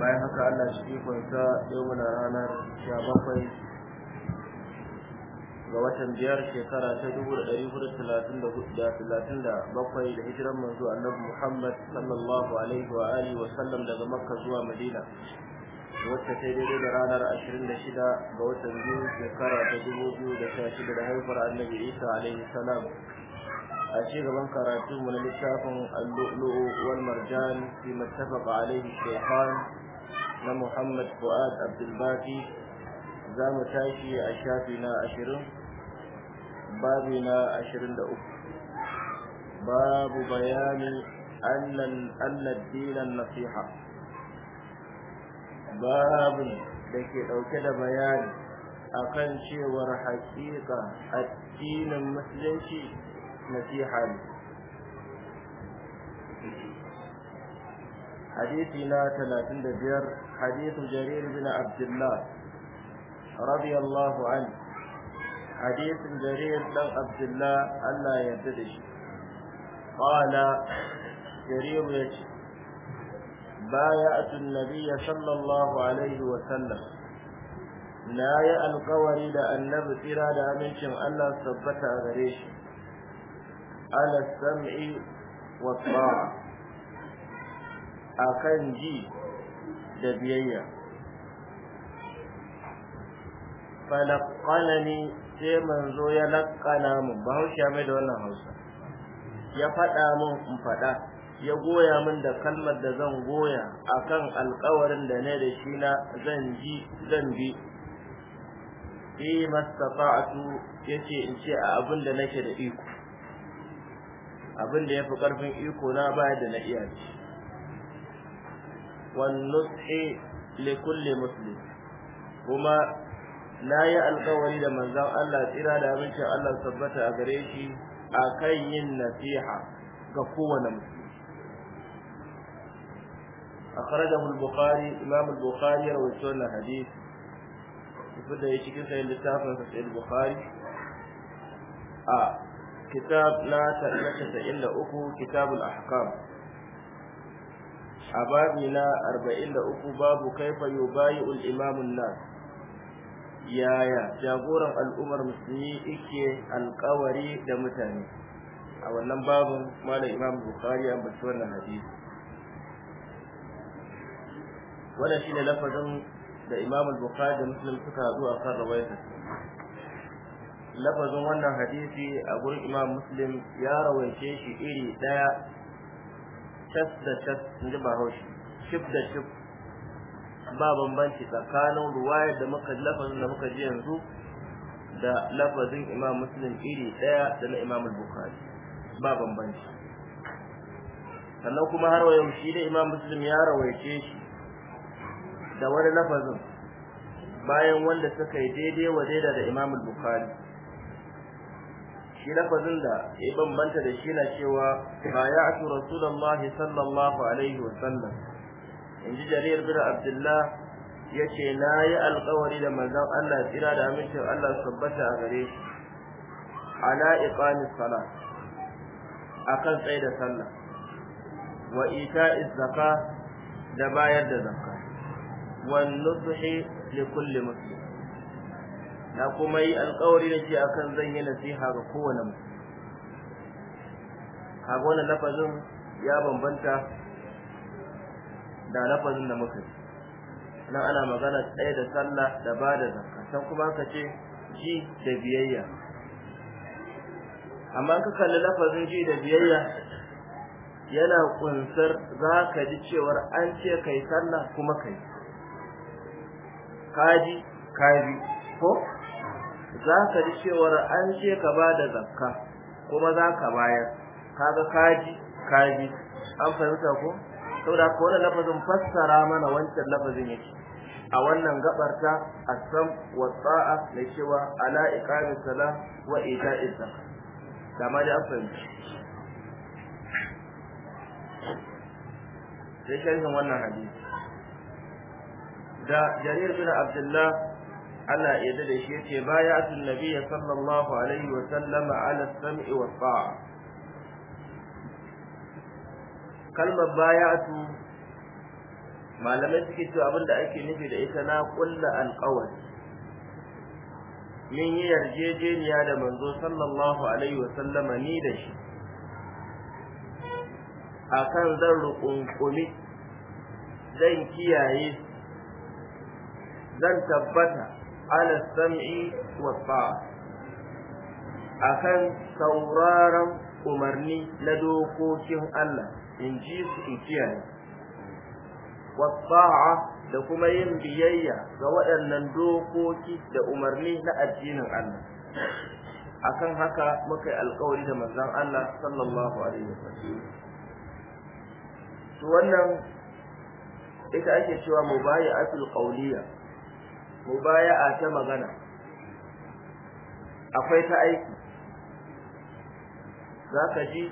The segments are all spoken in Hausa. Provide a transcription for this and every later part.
bayan haka Allah shi kwanta yau muna ranar sha bakwai ga watan biyar shekara ta dubu da da da da hijiran manzo annabi Muhammad sallallahu alaihi wa alihi wa sallam daga Makka zuwa Madina wacce ta daidai da ranar ashirin da shida ga watan biyu shekara ta dubu biyu da shida da haifar annabi Isa alaihi salam a ci gaban karatu mu na littafin al-lu'lu'u wal marjan fi mattafaqa alaihi shaytan na Muhammad Fuad Abdulbaki za mu tashi a shafi na ashirin babi na ashirin da uku babu bayani annan dinan nasiha babin da ke ɗauke da bayani akan cewar haƙiƙa addinin musulunci nasiha ne حديثنا 35 حديث جرير بن عبد الله رضي الله عنه حديث جرير بن عبد الله ألا يبدش قال جرير يجي بايعت النبي صلى الله عليه وسلم لا يألقوري لأنه ترى لأمنشم ألا ثبت أغريش على السمع والطاعة akan ji da biyayya falakkanani sai manzo ya lakkana mu bahaushe mai da wannan hausa ya faɗa mun in faɗa ya goya min da kalmar da zan goya akan alkawarin da ne da shi na zan ji zan bi fi e, ya yace in ce a abin da nake da iko abin da yafi karfin iko na baya da na iya ce والنصح لكل مسلم وما لا يالقوري da manzon Allah tsira da abincin Allah tabbata a gare shi akan yin nasiha ga kowane musulmi akhrajahu al-bukhari imam al-bukhari rawaito hadith da ya cikin sayin littafin sahih al-bukhari a kitab na 93 kitab al-ahkam a babi na 43 babu kaifa yubayi'ul imamun nas yaya jagoran al'ummar musulmi yake alƙawari da mutane a wannan babin malam imam bukhari an bace wannan hadisi wannan shine lafazin da imam bukhari da muslim suka haɗu kan rawaita lafazin wannan hadisi a imam muslim ya rawaice shi iri ɗaya cas da cas in ji bahaushe cif da cip, ba bambanci tsakanin ruwayar da muka lafazin da muka ji yanzu da lafazin imam muslim iri daya da na imam bukhari ba bambanci sannan kuma har wa yau shi da imam muslim ya rawaice shi da wani lafazin bayan wanda suka yi daidai wa daida da imam bukhari shi lafazin da ya bambanta da shi na cewa bayatu rasulullahi sallallahu alaihi wa sallam in ji jarir bin abdullah ya ce na yi alkawari da manzon allah tsira da amincin allah tabbata a gare shi ala iqami sala akan tsaye da sallah wa ita'i da bayar da zaka wan nusuhi li kulli muslim na kuma yi alƙawari da shi akan zan yi nasiha ga kowane mutum kaga wannan lafazin ya bambanta da lafazin da muka yi nan ana magana ɗaya da sallah da ba da zakka can kuma ka ce ji da biyayya amma ka kalli lafazin ji da biyayya yana kunsar za ka ji cewar an ce kai sallah kuma kai kaji kaji ko za ka ji cewar an ce ka ba da zakka kuma za ka bayar kaga kaji kaji an fahimta ko saboda ko wannan lafazin fassara mana wancan lafazin yake a wannan gabar ta asam wa ta'a da cewa ala iqami sala wa ita'i zakka da ma da fahimta sai kai wannan hadisi da jarir bin abdullah Allah ya da shi yace bayatun nabiyyi sallallahu alaihi wa sallama ala sam'i wa ta'a kalmar bayatu malamai suke cewa abinda ake nufi da ita na kulla alqawli min yi yarjejeniya da manzo sallallahu alaihi wa sallama ni da shi akan zan rukunkumi zan kiyaye zan tabbata ala sam'i wa akan sauraron umarni na dokokin Allah in ji su in kiyaye wa da kuma yin biyayya ga waɗannan dokoki da umarni na addinin Allah akan haka muka yi alkawari da manzon Allah sallallahu alaihi wasallam to wannan ita ake cewa mubayi'atul qawliya mubaya'a ta magana akwai ta aiki zaka ji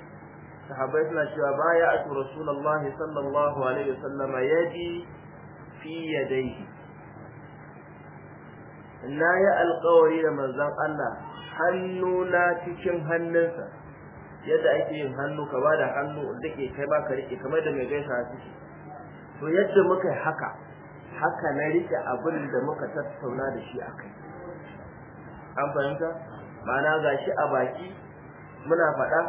sahabbai suna cewa baya'atu rasulullahi sallallahu alaihi wasallam yadi fi yadayhi na yi alkawari da manzon Allah hannuna cikin hannunsa yadda ake yin hannu ka ba da hannu da ke kai ba ka rike kamar da mai gaisa ciki. to yadda muka haka haka na rike abin da muka tattauna da shi a kai an fahimta ma'ana ga shi a baki muna faɗa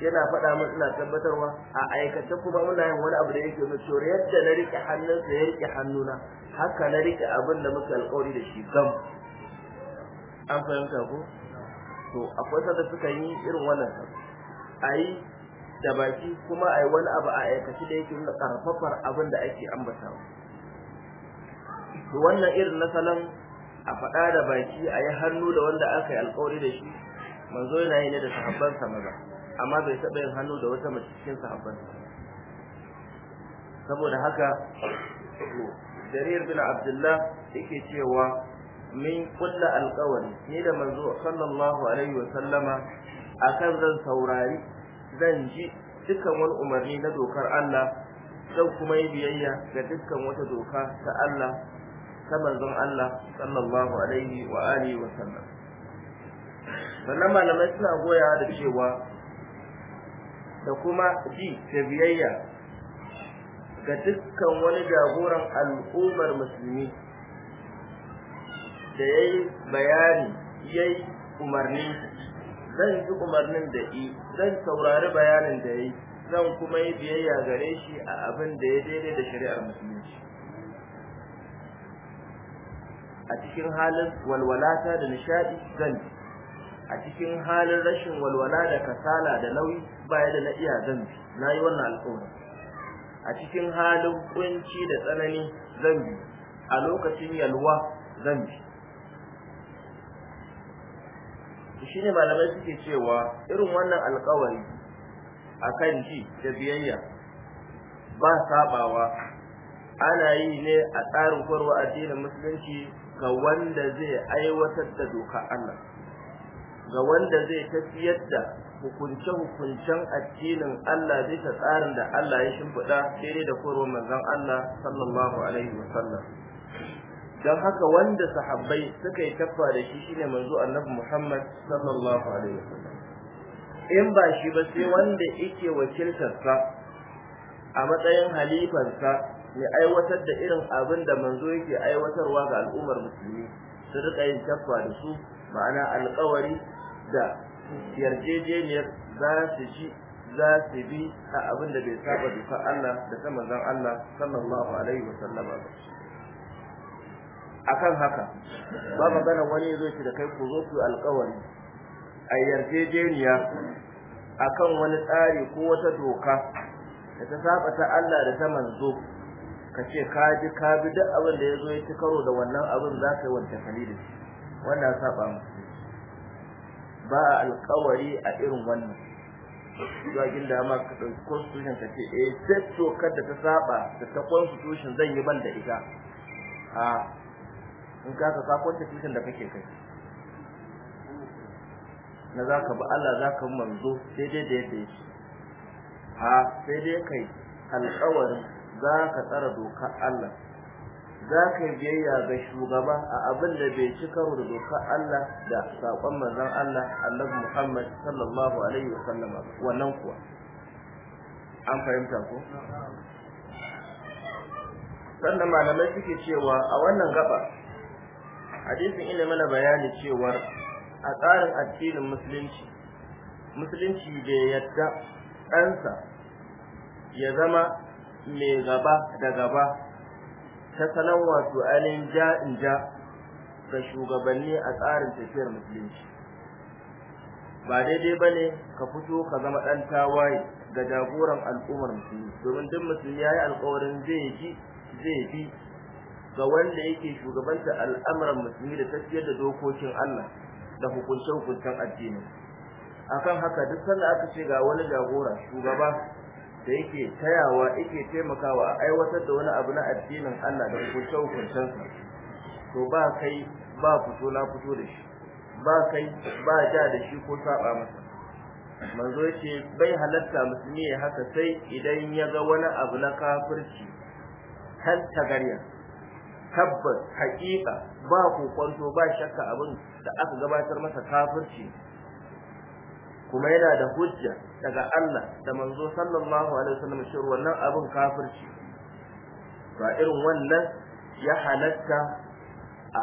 yana faɗa min ina tabbatarwa a aikace kuma muna yin wani abu da yake mu cewa yadda na rike hannunsa ya rike hannuna haka na rike abin da muka alƙawari da shi gam an fahimta ko to akwai sanda suka yi irin wannan yi da baki kuma yi wani abu a aikace da yake nuna karfafar abin da ake ambatawa to wannan irin na salon a faɗa da baki a yi hannu da wanda aka yi alkawari da shi manzo yana yi ne da sahabbansa maza amma bai taɓa yin hannu da wata mace cikin sahabbansa saboda haka jarir bin abdullah yake cewa min kulla alkawari ni da manzo sallallahu alaihi wa sallama akan zan saurari zan ji dukkan wani umarni na dokar Allah zan kuma yi biyayya ga dukkan wata doka ta Allah ta manzon Allah sallallahu alaihi wa alihi wa sallam sannan malamai suna goya da cewa da kuma ji da biyayya ga dukkan wani jagoran al'ummar musulmi da ya yi bayani ya yi umarni zan ji umarnin da yi zan saurari bayanin da ya yi zan kuma yi biyayya gare shi a abin da ya daidai da shari'ar musulunci a cikin halin walwalata da nishadi zan a cikin halin rashin walwala da kasala da nauyi baya da na iya zan na yi wannan alƙawari a cikin halin kunci da tsanani zan a lokacin yalwa zan bi shi ne malamai suke cewa irin wannan alƙawari a kan ji da biyayya ba sabawa ana yi ne a tsarin korwa addinin musulunci ga wanda zai aiwatar da doka Allah ga wanda zai tafiyar da hukunce-hukuncen addinin Allah ta tsarin da Allah ya shimfiɗa daidai da koro manzon Allah sallallahu alaihi wasallam don haka wanda sahabbai suka yi taffa da shi shine manzo annabi Muhammad sallallahu alaihi wasallam in ba shi ba sai wanda yake wakiltarsa a matsayin halifarsa mai aiwatar da irin abin da manzo yake aiwatarwa ga al'ummar musulmi su rika yin tafwa da su ma'ana alƙawari da yarjejeniyar za su ji za su bi a abin da bai saba duka Allah da ta manzon Allah sallallahu alaihi wa sallama ba akan haka ba magana wani zo ki da kai ku zo ku alƙawari a yarjejeniya akan wani tsari ko wata doka da ta saba ta Allah da ta manzo ka ce ka ji ka bi duk abin da ya zo ya ci karo da wannan abin za ka yi wanta kalilin wannan saba musu ba a alkawari a irin wannan zuwa ginda ma ka ɗauki constitution ka ce eh sai tokar da ta saba da ta constitution zan yi ban da ita a in ka ka constitution da kake kai na za ka bi Allah za ka manzo sai dai da yadda yake a sai dai kai alkawarin za ka tsara dokar Allah za ka yi biyayya ga shugaba a abin da bai ci karo da dokar Allah da saƙon manzon Allah Annabi Muhammad sallallahu alaihi wasallam wannan kuwa an fahimta ko sannan malamai suke cewa a wannan gaba hadisin ina mana bayani cewar a tsarin addinin musulunci musulunci bai yadda ɗansa ya zama mai gaba da gaba ta salon wato ainihin ja in ja ga shugabanni a tsarin tafiyar musulunci ba daidai ba ne ka fito ka zama ɗan tawaye ga jagoran al'ummar musulmi domin duk musulmi ya yi alkawarin zai ji zai bi ga wanda yake shugabanta al'amuran musulmi da tafiyar da dokokin Allah da hukunce-hukuncen addini akan haka duk sanda aka ce ga wani jagora shugaba da yake tayawa yake taimakawa a aiwatar da wani abu na addinin Allah da shaukun hukuncensa to ba kai ba fito na fito da shi ba kai ba ja da shi ko saba masa manzo yake bai halatta musulmi ya haka sai idan ya ga wani abu na kafirci kan gariya tabbas haƙiƙa ba ku kwanto ba shakka abin da aka gabatar masa kafirci kuma yana da hujja daga Allah da manzo sallallahu alaihi wasallam shi wannan abin kafirci ba irin wannan ya halatta a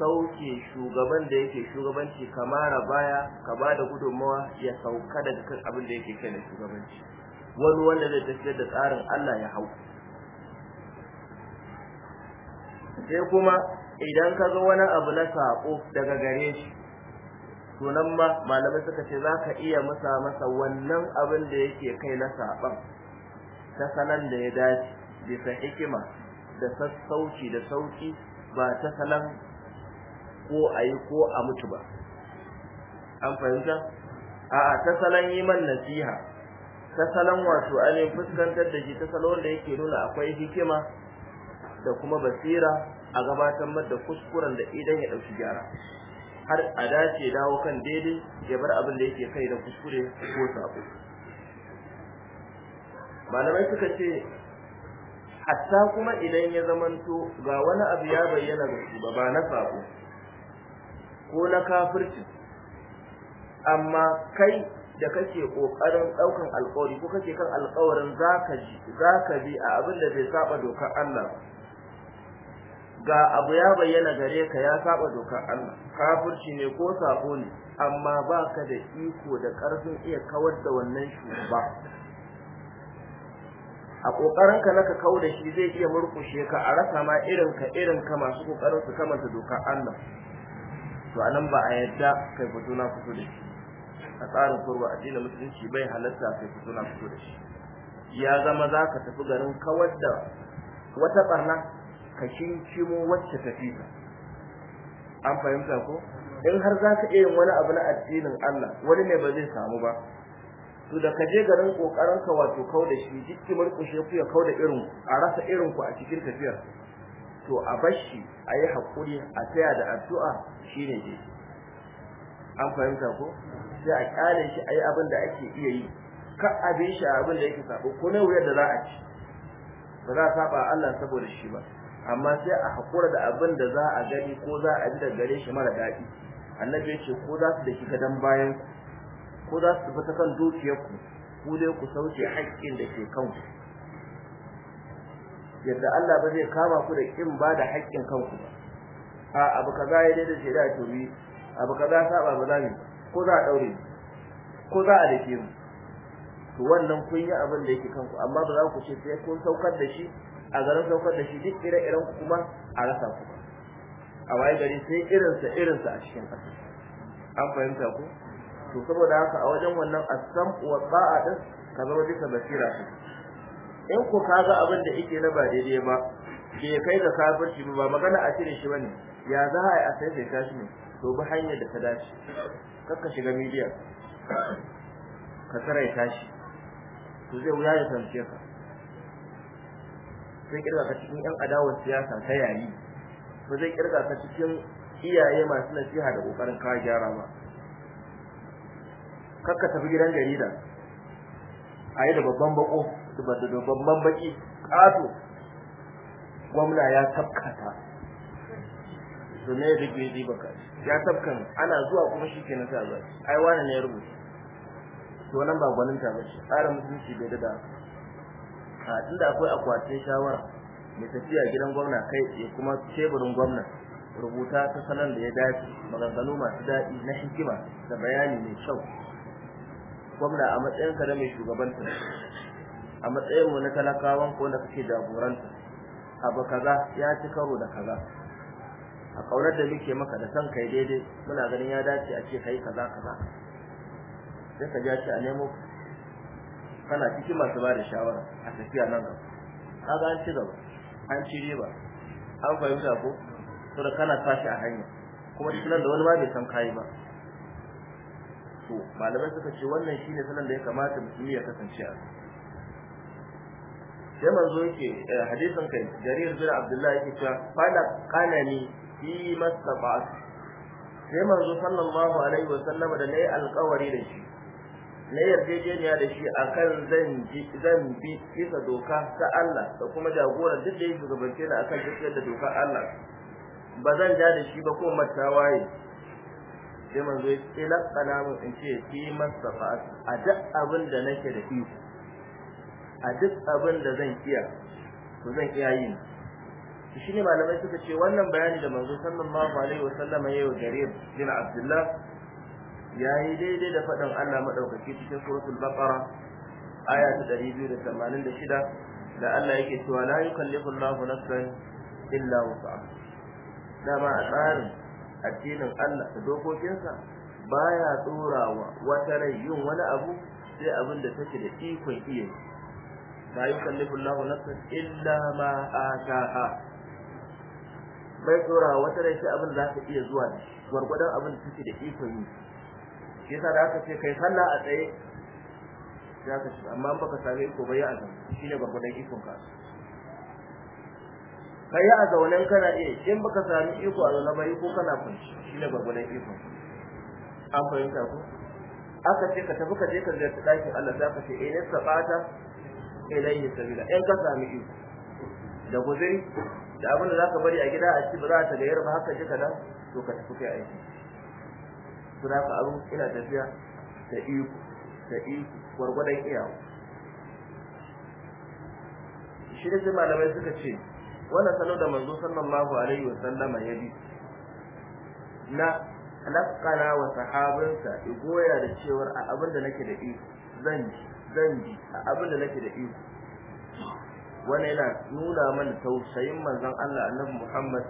sauke shugaban da yake shugabanci kamara baya ka ba da gudunmawa ya sauka daga kan abin da yake kai da shugabanci wani wanda zai tafiyar da tsarin Allah ya hau sai kuma idan ka ga wani abu na saƙo daga gare shi to nan ma malamai suka ce za ka iya masa masa wannan abin da yake kai na saɓan ta salon da ya dace bisa hikima da sassauci da sauki ba ta salon ko a yi ko a mutu ba an fahimta a ta salon yi man nasiha ta salon wato ainihin fuskantar da shi ta salon da yake nuna akwai hikima da kuma basira a gabatar da kuskuren da idan ya ɗauki gyara har a dace dawo kan daidai ya bar abin da yake kai da kuskure ko sabo malamai suka ce hatta kuma idan ya zamanto ga wani abu ya bayyana ga ba na sabo ko na kafirci amma kai da kake kokarin daukan alƙawari ko kake kan alƙawarin zaka ji zaka bi a abin da zai saba dokar Allah ga abu ya bayyana gare ka ya saba dokar Allah kafirci ne ko sabo ne amma ba ka da iko da ƙarfin iya kawar da wannan shugaba a ƙoƙarin ka naka kawo da shi zai iya murkushe ka a rasa ma irin ka irin ka masu ƙoƙarin su kamanta dokar Allah to anan ba a yadda kai fito na fito da shi a tsarin kurwa addinin musulunci bai halatta kai fito na fito da shi ya zama za ka tafi garin kawar da wata barna ka kinkimo wacce ta an fahimta ko in har za ka iya wani abu na addinin Allah wani ne ba zai samu ba to da ka je garin kokarin ka wato kau da shi jikki murkushe ku ya kau da irin a rasa irin ku a cikin tafiya, to a bashi a yi hakuri a taya da addu'a shine je an fahimta ko sai a kare shi a yi abin da ake iya yi ka abin shi abin da yake sabo ko ne wuyar da za a ci ba za a saba Allah saboda shi ba amma sai a hakura da abin da za a gani ko za a ji da gare shi mara daɗi annabi ya ce ko za su da shi gadon bayan ko za su tafi kan dukiyarku ku dai ku sauke haƙƙin da ke kanku yadda Allah ba zai kama ku da kin ba da haƙƙin kanku ba a abu kaza ya daidai shi da yi abu kaza saba ba za mu ko za a daure ko za a dake mu to wannan kun yi abin da yake kanku amma ba za ku ce sai kun saukar da shi a garin saukar da shi duk ire-iren kuma a rasa kuma a waye gari sai irinsa irinsa a cikin ƙasa an fahimta ku to saboda haka a wajen wannan asam wa ba'a din ka zama duka basira su in ku ka ga abin da yake na ba daidai ba bai kai ga kafirci ba magana a cire shi bane ya za a yi a sai sai tashi ne to bi hanyar da ta dace kakka shiga midiya ka tsara ya tashi to zai wuya ya tamce ka zai kirga ka cikin ɗan adawar siyasa ta yayi ba zai kirga ka cikin iyaye masu nasiha da kokarin kawo gyara ba kakka tafi gidan jarida a yi da babban bako da babban baki ƙato gwamna ya tabkata. su ne da gidi baka ya tabkan ana zuwa kuma shi ke na sa ai wani ne ya rubuta to nan ba gwaninta ba ce tsarin mutunci bai da a da akwai akwatin shawara mai tafiya gidan gwamna kai ya kuma teburin gwamna rubuta ta sanar da ya dace maganganu masu daɗi na hikima da bayani mai kyau gwamna a matsayinka na mai shugabanta a matsayin mu na talakawan ko da kake jagoranta abu kaza ya ci karo da kaza a ƙaunar da muke maka da son kai daidai muna ganin ya dace a ce kai kaza kaza sai ka ja shi a nemo kana cikin masu ba da shawara a tafiya nan gaba kaga an ci gaba an ci riba an fahimta ko to da kana tashi a hanya kuma nan da wani ma bai san kai ba to malamai suka ce wannan shine sanan da ya kamata yi ya kasance a sai manzo yake eh, hadisin kai jarir bin abdullah yake cewa fala ni fi mastaba'at sai manzo sallallahu alaihi wasallam da nayi alƙawari da shi na yarjejeniya da shi akan zan bi zan bi kisa doka ta Allah da kuma jagoran duk da yake shugabance ni akan tafiyar da doka Allah ba zan ja da shi ba ko waye sai manzo ya ce lakana mun in ce fi masafa'at a duk abin da nake da iko a duk abin da zan iya to zan iya yin shi ne malamai suka ce wannan bayani da manzo sallallahu alaihi Sallama yayi wa Jarir bin Abdullah yayi daidai da faɗin Allah madaukaki cikin suratul baqara aya ta 286 da Allah yake cewa la yukallifu Allahu nafsan illa wus'aha dama a tsarin addinin Allah da dokokinsa baya tsorawa wata rai yin wani abu sai abin da take da ikon iya la yukallifu Allahu nafsan illa ma ataha bai tsorawa wata rai sai abin da za iya zuwa gwargwadon abin da take da ikon yi yasa da aka ce kai sallah a tsaye za ka ci amma an baka same ko bai a Shi shine gurgurdan ikon ka kai a wannan kana iya in baka sami iko a zama bai ko kana Shi shine gurgurdan ikon an fahimta ku aka ce ka tafi ka je ka ziyarci ɗakin Allah za ka ce eh ne sabata ilayhi sabila in ka sami iko da guzuri da abin da za ka bari a gida a ci ba za ta gayar ba haka jika nan to ka tafi kai aiki su ka abin ina tafiya da iko da iko gwargwadon iyawa shi da malamai suka ce wannan sanu da manzo sallallahu alaihi wa sallama ya bi na lakkana wa sahabinsa ya goya da cewar a abin da nake da iko zan ji zan ji a abin da nake da iko wannan yana nuna mana tausayin manzon Allah annabi Muhammad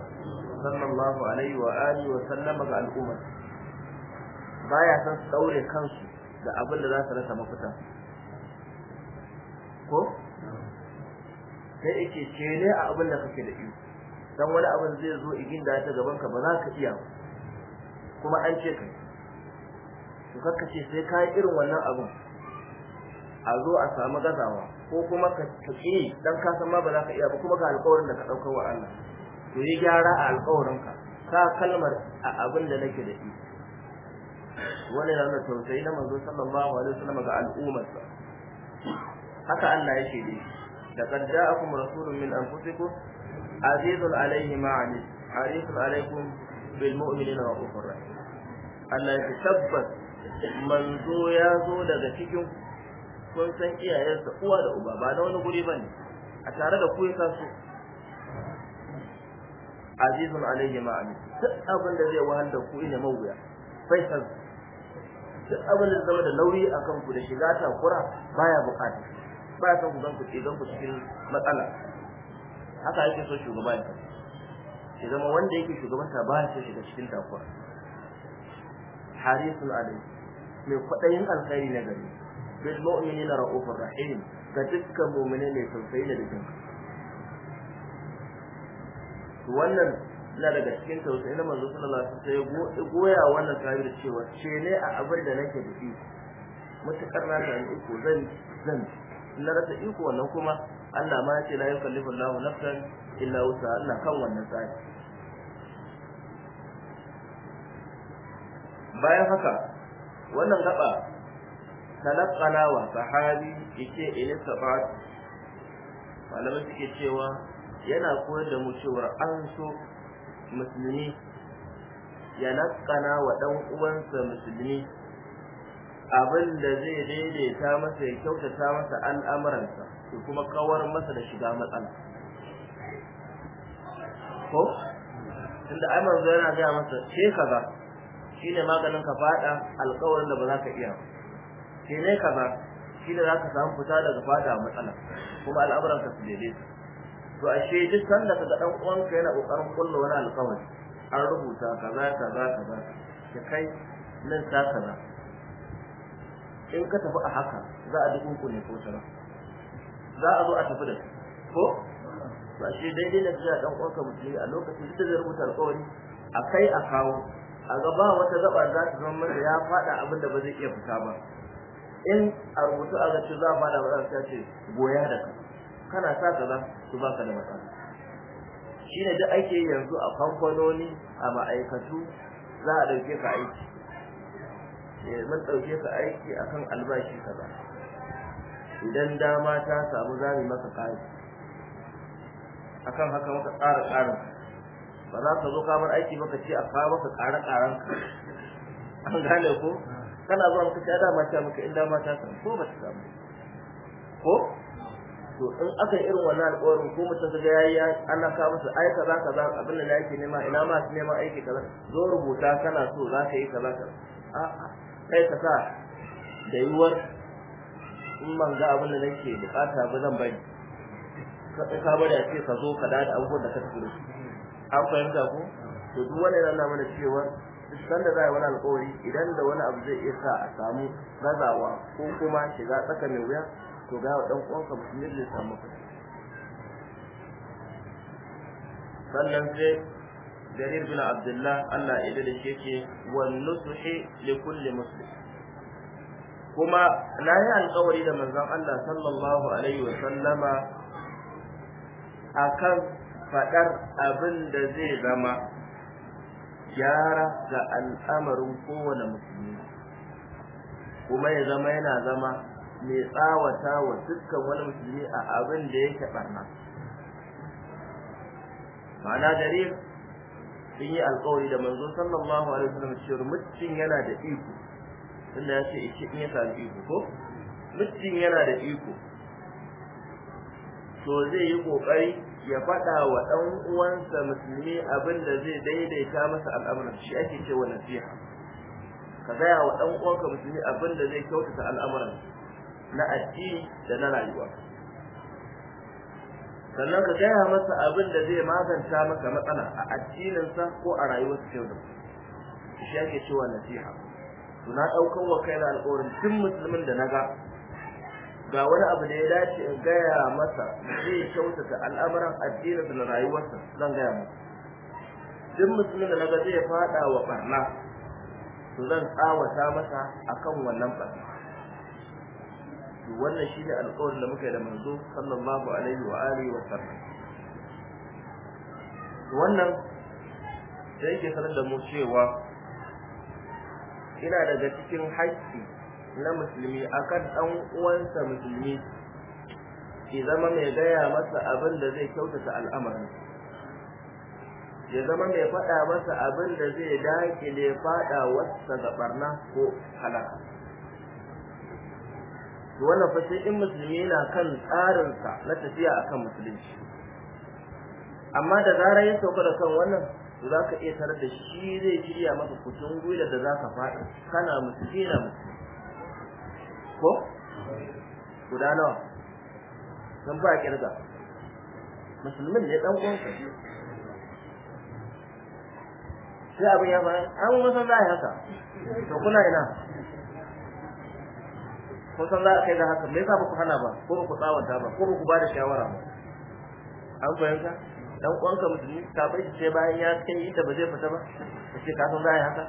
sallallahu alaihi wa alihi wa sallama ga al'umma baya son su daure kansu da abin da za su rasa mafita ko sai yake ce ne a abin da kake da shi dan wani abin zai zo igin da ta gaban ka ba za ka iya kuma an ce kai to kakka ce sai kai irin wannan abin a zo a samu gazawa ko kuma ka tafi dan ka san ma ba za ka iya ba kuma ga alƙawarin da ka dauka wa Allah to yi gyara a alƙawarin ka ka kalmar a abin da nake da shi wani yana da tausayi na manzo sallallahu alaihi wasallam ga al'ummarsa haka Allah yake Da laqad akum rasulun min anfusikum azizul alaihi ma'ani harisul alaikum bil mu'minina wa kufra Allah ya tabbas manzo ya zo daga cikin kun san iyayensa uwa da uba ba na wani guri bane a tare da ku ya su azizun alaihi ma'ani duk abin da zai wahal da ku ne mawuya faisal duk abin da zama da nauyi a kanku da shiga takura baya bukata baya son ku ganku ku cikin matsala haka yake so shugaba ne ya zama wanda yake shugabanta baya so shiga cikin takura harisul alim mai kwaɗayin alkhairi na gari bil mu'minina ra'ufur rahim ga dukkan mu'mine mai tausayi da jinka wannan ina daga cikin tausayi na manzo sallallahu alaihi wasallam sai goya wannan sahabi da cewa ce ne a abin da nake da shi mutakar na ta iko zan zan na rasa iko wannan kuma Allah ma ce la yukallifu Allahu nafsan illa wusa Allah kan wannan tsari bayan haka wannan gaba talaqala wa sahabi yake ilisa ba malamai suke cewa yana koyar da mu cewa an so musulmi ya nakana wa ɗan uwansa musulmi abin da zai daidaita masa ya kyautata masa al'amuransa ya kuma kawar masa da shiga matsala ko inda ai manzo yana gaya masa ce kaza shine maganin ka fada alƙawarin da ba za ka iya ke ne kaza shine za ka samu fita daga fada matsala kuma al'amuranka su daidaita to ashe duk sanda ka ga dan uwanka yana kokarin kullu wani alƙawari an rubuta kaza kaza kaza ki kai nan ta kaza in ka tafi a haka za a dukun ku ne ko tara za a zo a tafi da ko to ashe daidai na jiya dan uwanka mutum a lokacin da zai rubuta alƙawari a kai a kawo a gaba wata gaba za ta zama mata ya faɗa abin da ba zai iya fita ba in a rubutu a ga ce za a faɗa ba za ta ce goya da ka kana sa kaza to baka da matsala shine duk ake yanzu a kamfanoni a ma'aikatu za a dauke ka aiki eh, mun dauke ka aiki akan albashi kaza idan dama ta samu mu maka ƙari akan haka maka tsara ƙarin ba za ka zo ka bar aiki maka ce a kawo maka ƙara ƙaran an gane ko kana zuwa maka ta dama ta maka in dama ta samu ko ba ta samu ko to in aka irin wannan alƙawarin ko mutum ga yayi ana ka musu ai kaza kaza abin da yake nema ina ma su nema aiki kaza zo rubuta kana so za ka yi kaza kaza a kai ka sa da yiwuwar in ban ga abin da nake bukata ba zan bari ka bari a ce ka zo ka da abubuwan da ka tafi da an fahimta ko to duk wani yana mana cewa da za a yi wani alƙawari idan da wani abu zai iya sa a samu gazawa ko kuma shiga tsaka mai wuya to ga dan uwanka musulmi zai samu mafita sannan sai jarir bin abdullah Allah ya dade shi yake wan nusuhi li kulli muslim kuma na yi alƙawari da manzon Allah sallallahu alaihi wa sallama akan faɗar abin da zai zama gyara ga al'amarin kowane musulmi kuma ya zama yana zama mai tsawata wa dukkan wani musulmi a abin da yake barna ma'ana dare, sun yi alkawari da manzo sallallahu alaihi wasallam cewa mutum yana da iko tunda ya ce ishi in ya sami iko ko mutum yana da iko to zai yi kokari ya faɗa wa ɗan uwansa musulmi abin da zai daidaita masa al'amuran shi ake cewa nasiha ka gaya wa ɗan uwanka musulmi abin da zai kyautata al'amuran na addini da na rayuwa sannan ka gaya masa abin da zai maganta maka matsala a addininsa ko a rayuwar su yau shi ake cewa nasiha to na ɗaukar wa kai da alƙawarin duk musulmin da na ga ga wani abu da ya dace in gaya masa zai kyautata al'amuran addininsa da rayuwarsa zan gaya masa duk musulmin da na ga zai faɗa wa ɓarna to zan tsawata masa akan wannan ɓarna to wannan shine alƙawarin da muka yi da manzo sallallahu alaihi wa alihi wa sallam wannan sai yake sanar da mu cewa ina daga cikin haƙƙi na musulmi akan ɗan uwansa musulmi ki zama mai gaya masa abin da zai kyautata al'amarin ya zama mai faɗa masa abin da zai dakile faɗa wasa ga barna ko halaka to wannan fa sai in musulmi yana kan tsarinsa na tafiya akan musulunci amma da zarar ya sauka da kan wannan to za ka iya tarar da shi zai shirya maka kutun gwiwar da za ka faɗi kana musulmi na musulmi ko guda nawa don ba kirga musulmin ne ɗan uwanka sai abin ya faɗa an wasan za a yi haka to kuna ina Ko san za a kai ga haka me yasa ba ku hana ba ko ba ku tsawanta ba ko ba ku bada shawara ba an fahimta dan uwanka musulmi ka bai shi sai bayan ya kai ita ba zai fita ba ka ce ka san za a yi haka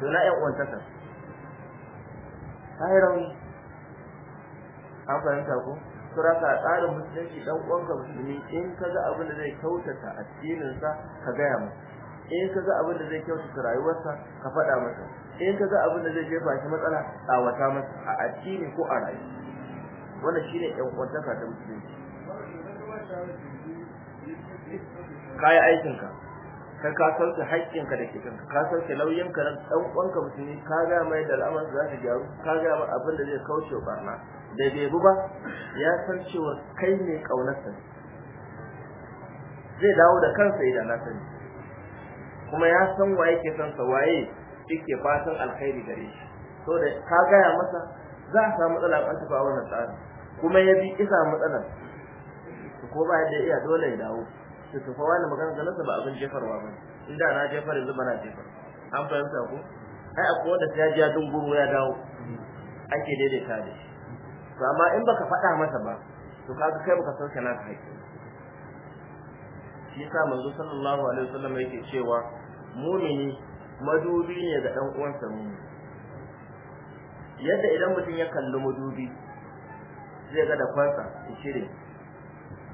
to na yan uwan ka kai rauni an fahimta ko kira ka tsarin musulunci dan uwanka musulmi in ka ga abin da zai kautata addinin sa ka gaya masa in ka ga abin da zai kyautata rayuwarsa ka faɗa masa in ka ga abin da zai jefa shi matsala tsawata masa a addini ko a rayu wannan shine yan kwantaka da musulunci kayi aikinka ka ka sauke ka da ke kanka ka sauke nan, 'dan ɗan uwanka musulmi ka ga mai da al'amar za su gyaru ka ga mai abin da zai kauce barna da bai bu ba ya san cewa kai ne kaunarsa. zai dawo da kansa idan na sani kuma ya san waye ke san sa waye yake fatan alkhairi gare shi so da ka gaya masa za a samu matsala an tafi wannan tsari kuma ya bi isa matsalar ko ba yadda iya dole ya dawo to tafa wani magana ga nasa ba abin jefarwa ba inda na jefar yanzu ba na jefar an fahimta ko ai akwai wanda ta ji ya dunguru ya dawo ake daidaita da shi to amma in baka faɗa masa ba to kaga kai baka sauke ka haƙƙi shi yasa manzo sallallahu alaihi wasallam yake cewa mumini madubi ne ga ɗan uwansa mu. yadda idan mutum ya kalli madubi zai ga da kwansa ya cire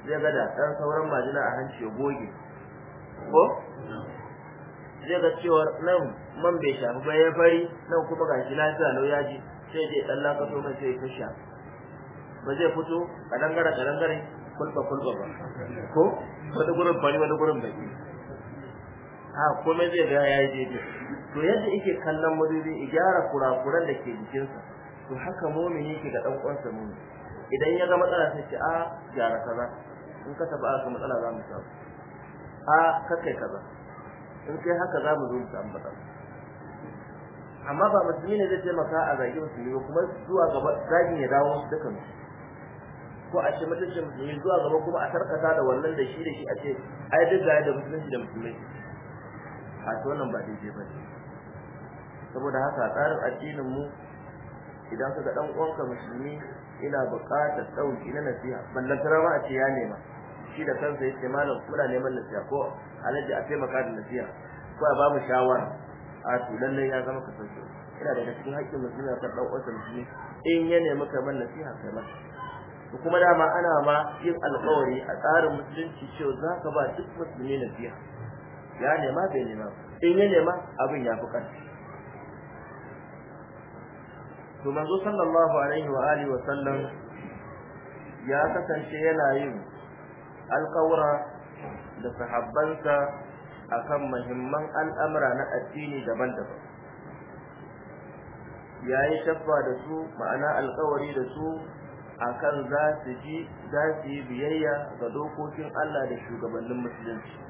zai ga da ɗan sauran majina a hanci ya goge ko zai ga cewa nan man bai shafi ba ya fari nan kuma shi lafiya lau ya ji sai dai ɗan lakato mai sai ya sha ba zai fito a dangare-dangare kulba-kulba ba ko wani gurin bari wani gurin bai ha komai zai ga yayi daidai to yadda yake kallon madubi ya gyara kurakuran da ke sa to haka mumini yake ga dan uwansa mumini idan ya ga matsala sai ce a gyara kaza in ka taba aka matsala za mu samu a kakai kaza in kai haka za mu zo mu samu matsala amma ba musulmi ne zai taimaka a zagi musulmi ba kuma zuwa gaba zagi ya dawo musu dukan ko a ce mutuncin musulmi zuwa gaba kuma a tarkata da wannan da shi da shi a ce ai duk ga yadda musulunci da musulmi a wannan ba daidai ba ne saboda haka tsarin addinin mu idan ka ga dan uwanka musulmi ina buƙatar ɗauki na nasiha ballan tarawa a ce ya nema shi da kansa ya ce malam kula neman nasiha ko alaji a taimaka da nasiha ko a bamu shawara a to lallai ya zama ka sauke ina daga cikin haƙƙin musulmi a kan ɗan uwansa musulmi in ya nemi kaman nasiha kai masa kuma dama ana ma yin alƙawari a tsarin musulunci cewa za ka ba duk musulmi nasiha ya nema bai nema in ya nema abin ya fi ƙarfi to manzo sallallahu alaihi wa alihi wa sallam ya kasance yana yin alƙawura da sahabbansa akan muhimman al'amura na addini daban-daban ya yi shafa da su ma'ana alƙawari da su akan za ji za su yi biyayya ga dokokin Allah da shugabannin musulunci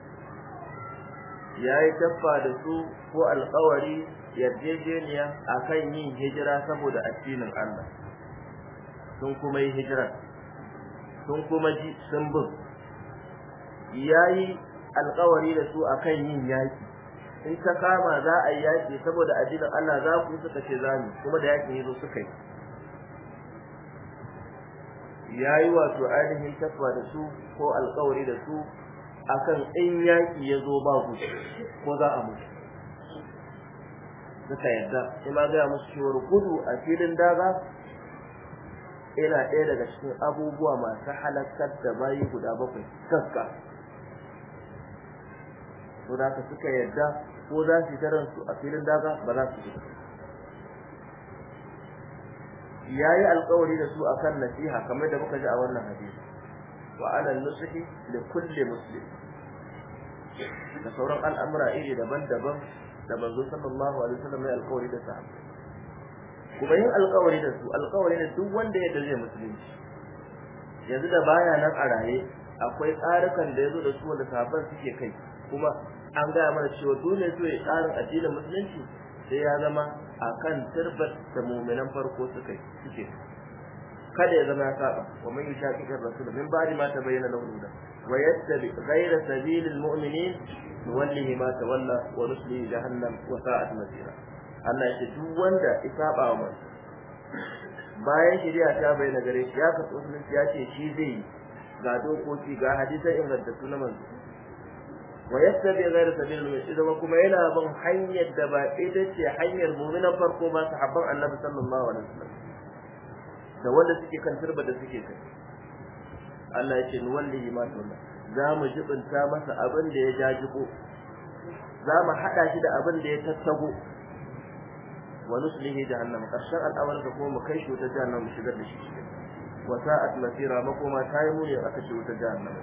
ya yi tabba da su ko alkawari yarjejeniya a kan yin hijira saboda addinin Allah sun kuma yi hijira sun kuma ji sun bin ya yi alkawari da su a kan yin yaƙi in ta kama za a yi yaƙi saboda addinin Allah za ku suka ce za mu kuma da yaƙin yazo suka yi ya yi wato ainihin tabba da su ko alkawari da su akan in yaƙi ya zo ba ku ko za a mutu suka yadda sai ma gaya musu cewar gudu a filin daga ina ɗaya daga cikin abubuwa masu halakar da bayi guda bakwai kaska to da suka yadda ko za su yi su a filin daga ba za su yi ya yi alkawari da su akan nasiha kamar da muka ji a wannan hadisi wa ala nusuhi da kulli da sauran al'amura iri daban-daban da manzo sallallahu alaihi wasallam ya alƙawari da sahabbai kuma yin alƙawari da su alƙawari ne duk wanda ya dace musulunci yanzu da baya nan a raye akwai tsarukan da ya zo da su wanda sahabban suke kai kuma an gaya mana cewa dole su yi tsarin addinin musulunci sai ya zama akan turbar da mu'minan farko suka suke kada ya zama ya saba wa man yushaqiq ar-rasul min ba'di ma tabayyana lahu huda wa yattabi ghayra sabilil mu'minin nuwallihi ma tawalla wa nuslihi jahannam wa sa'at masira Allah ya duk wanda ya saba wa man bayan shari'a ta bayyana gare shi ya kasu musulunci ya ce shi zai ga dokoki ga hadisan ingantattu na manzo wa yattabi ghayra sabilil mu'minin idan kuma yana bin hanyar da ba ita ce hanyar mu'minan farko ba sahabban Annabi sallallahu alaihi wasallam da wanda suke kan turba da suke kai Allah yake ni wallahi ma tawalla za mu jibinta masa abin da ya jajibo za mu hada shi da abin da ya tattago wa nuslihi jahannam karshen al'amarin da kuma mu kai shi wuta jahannam mu shigar da shi wa sa'at masira makoma ta yi muni aka ce wuta jahannam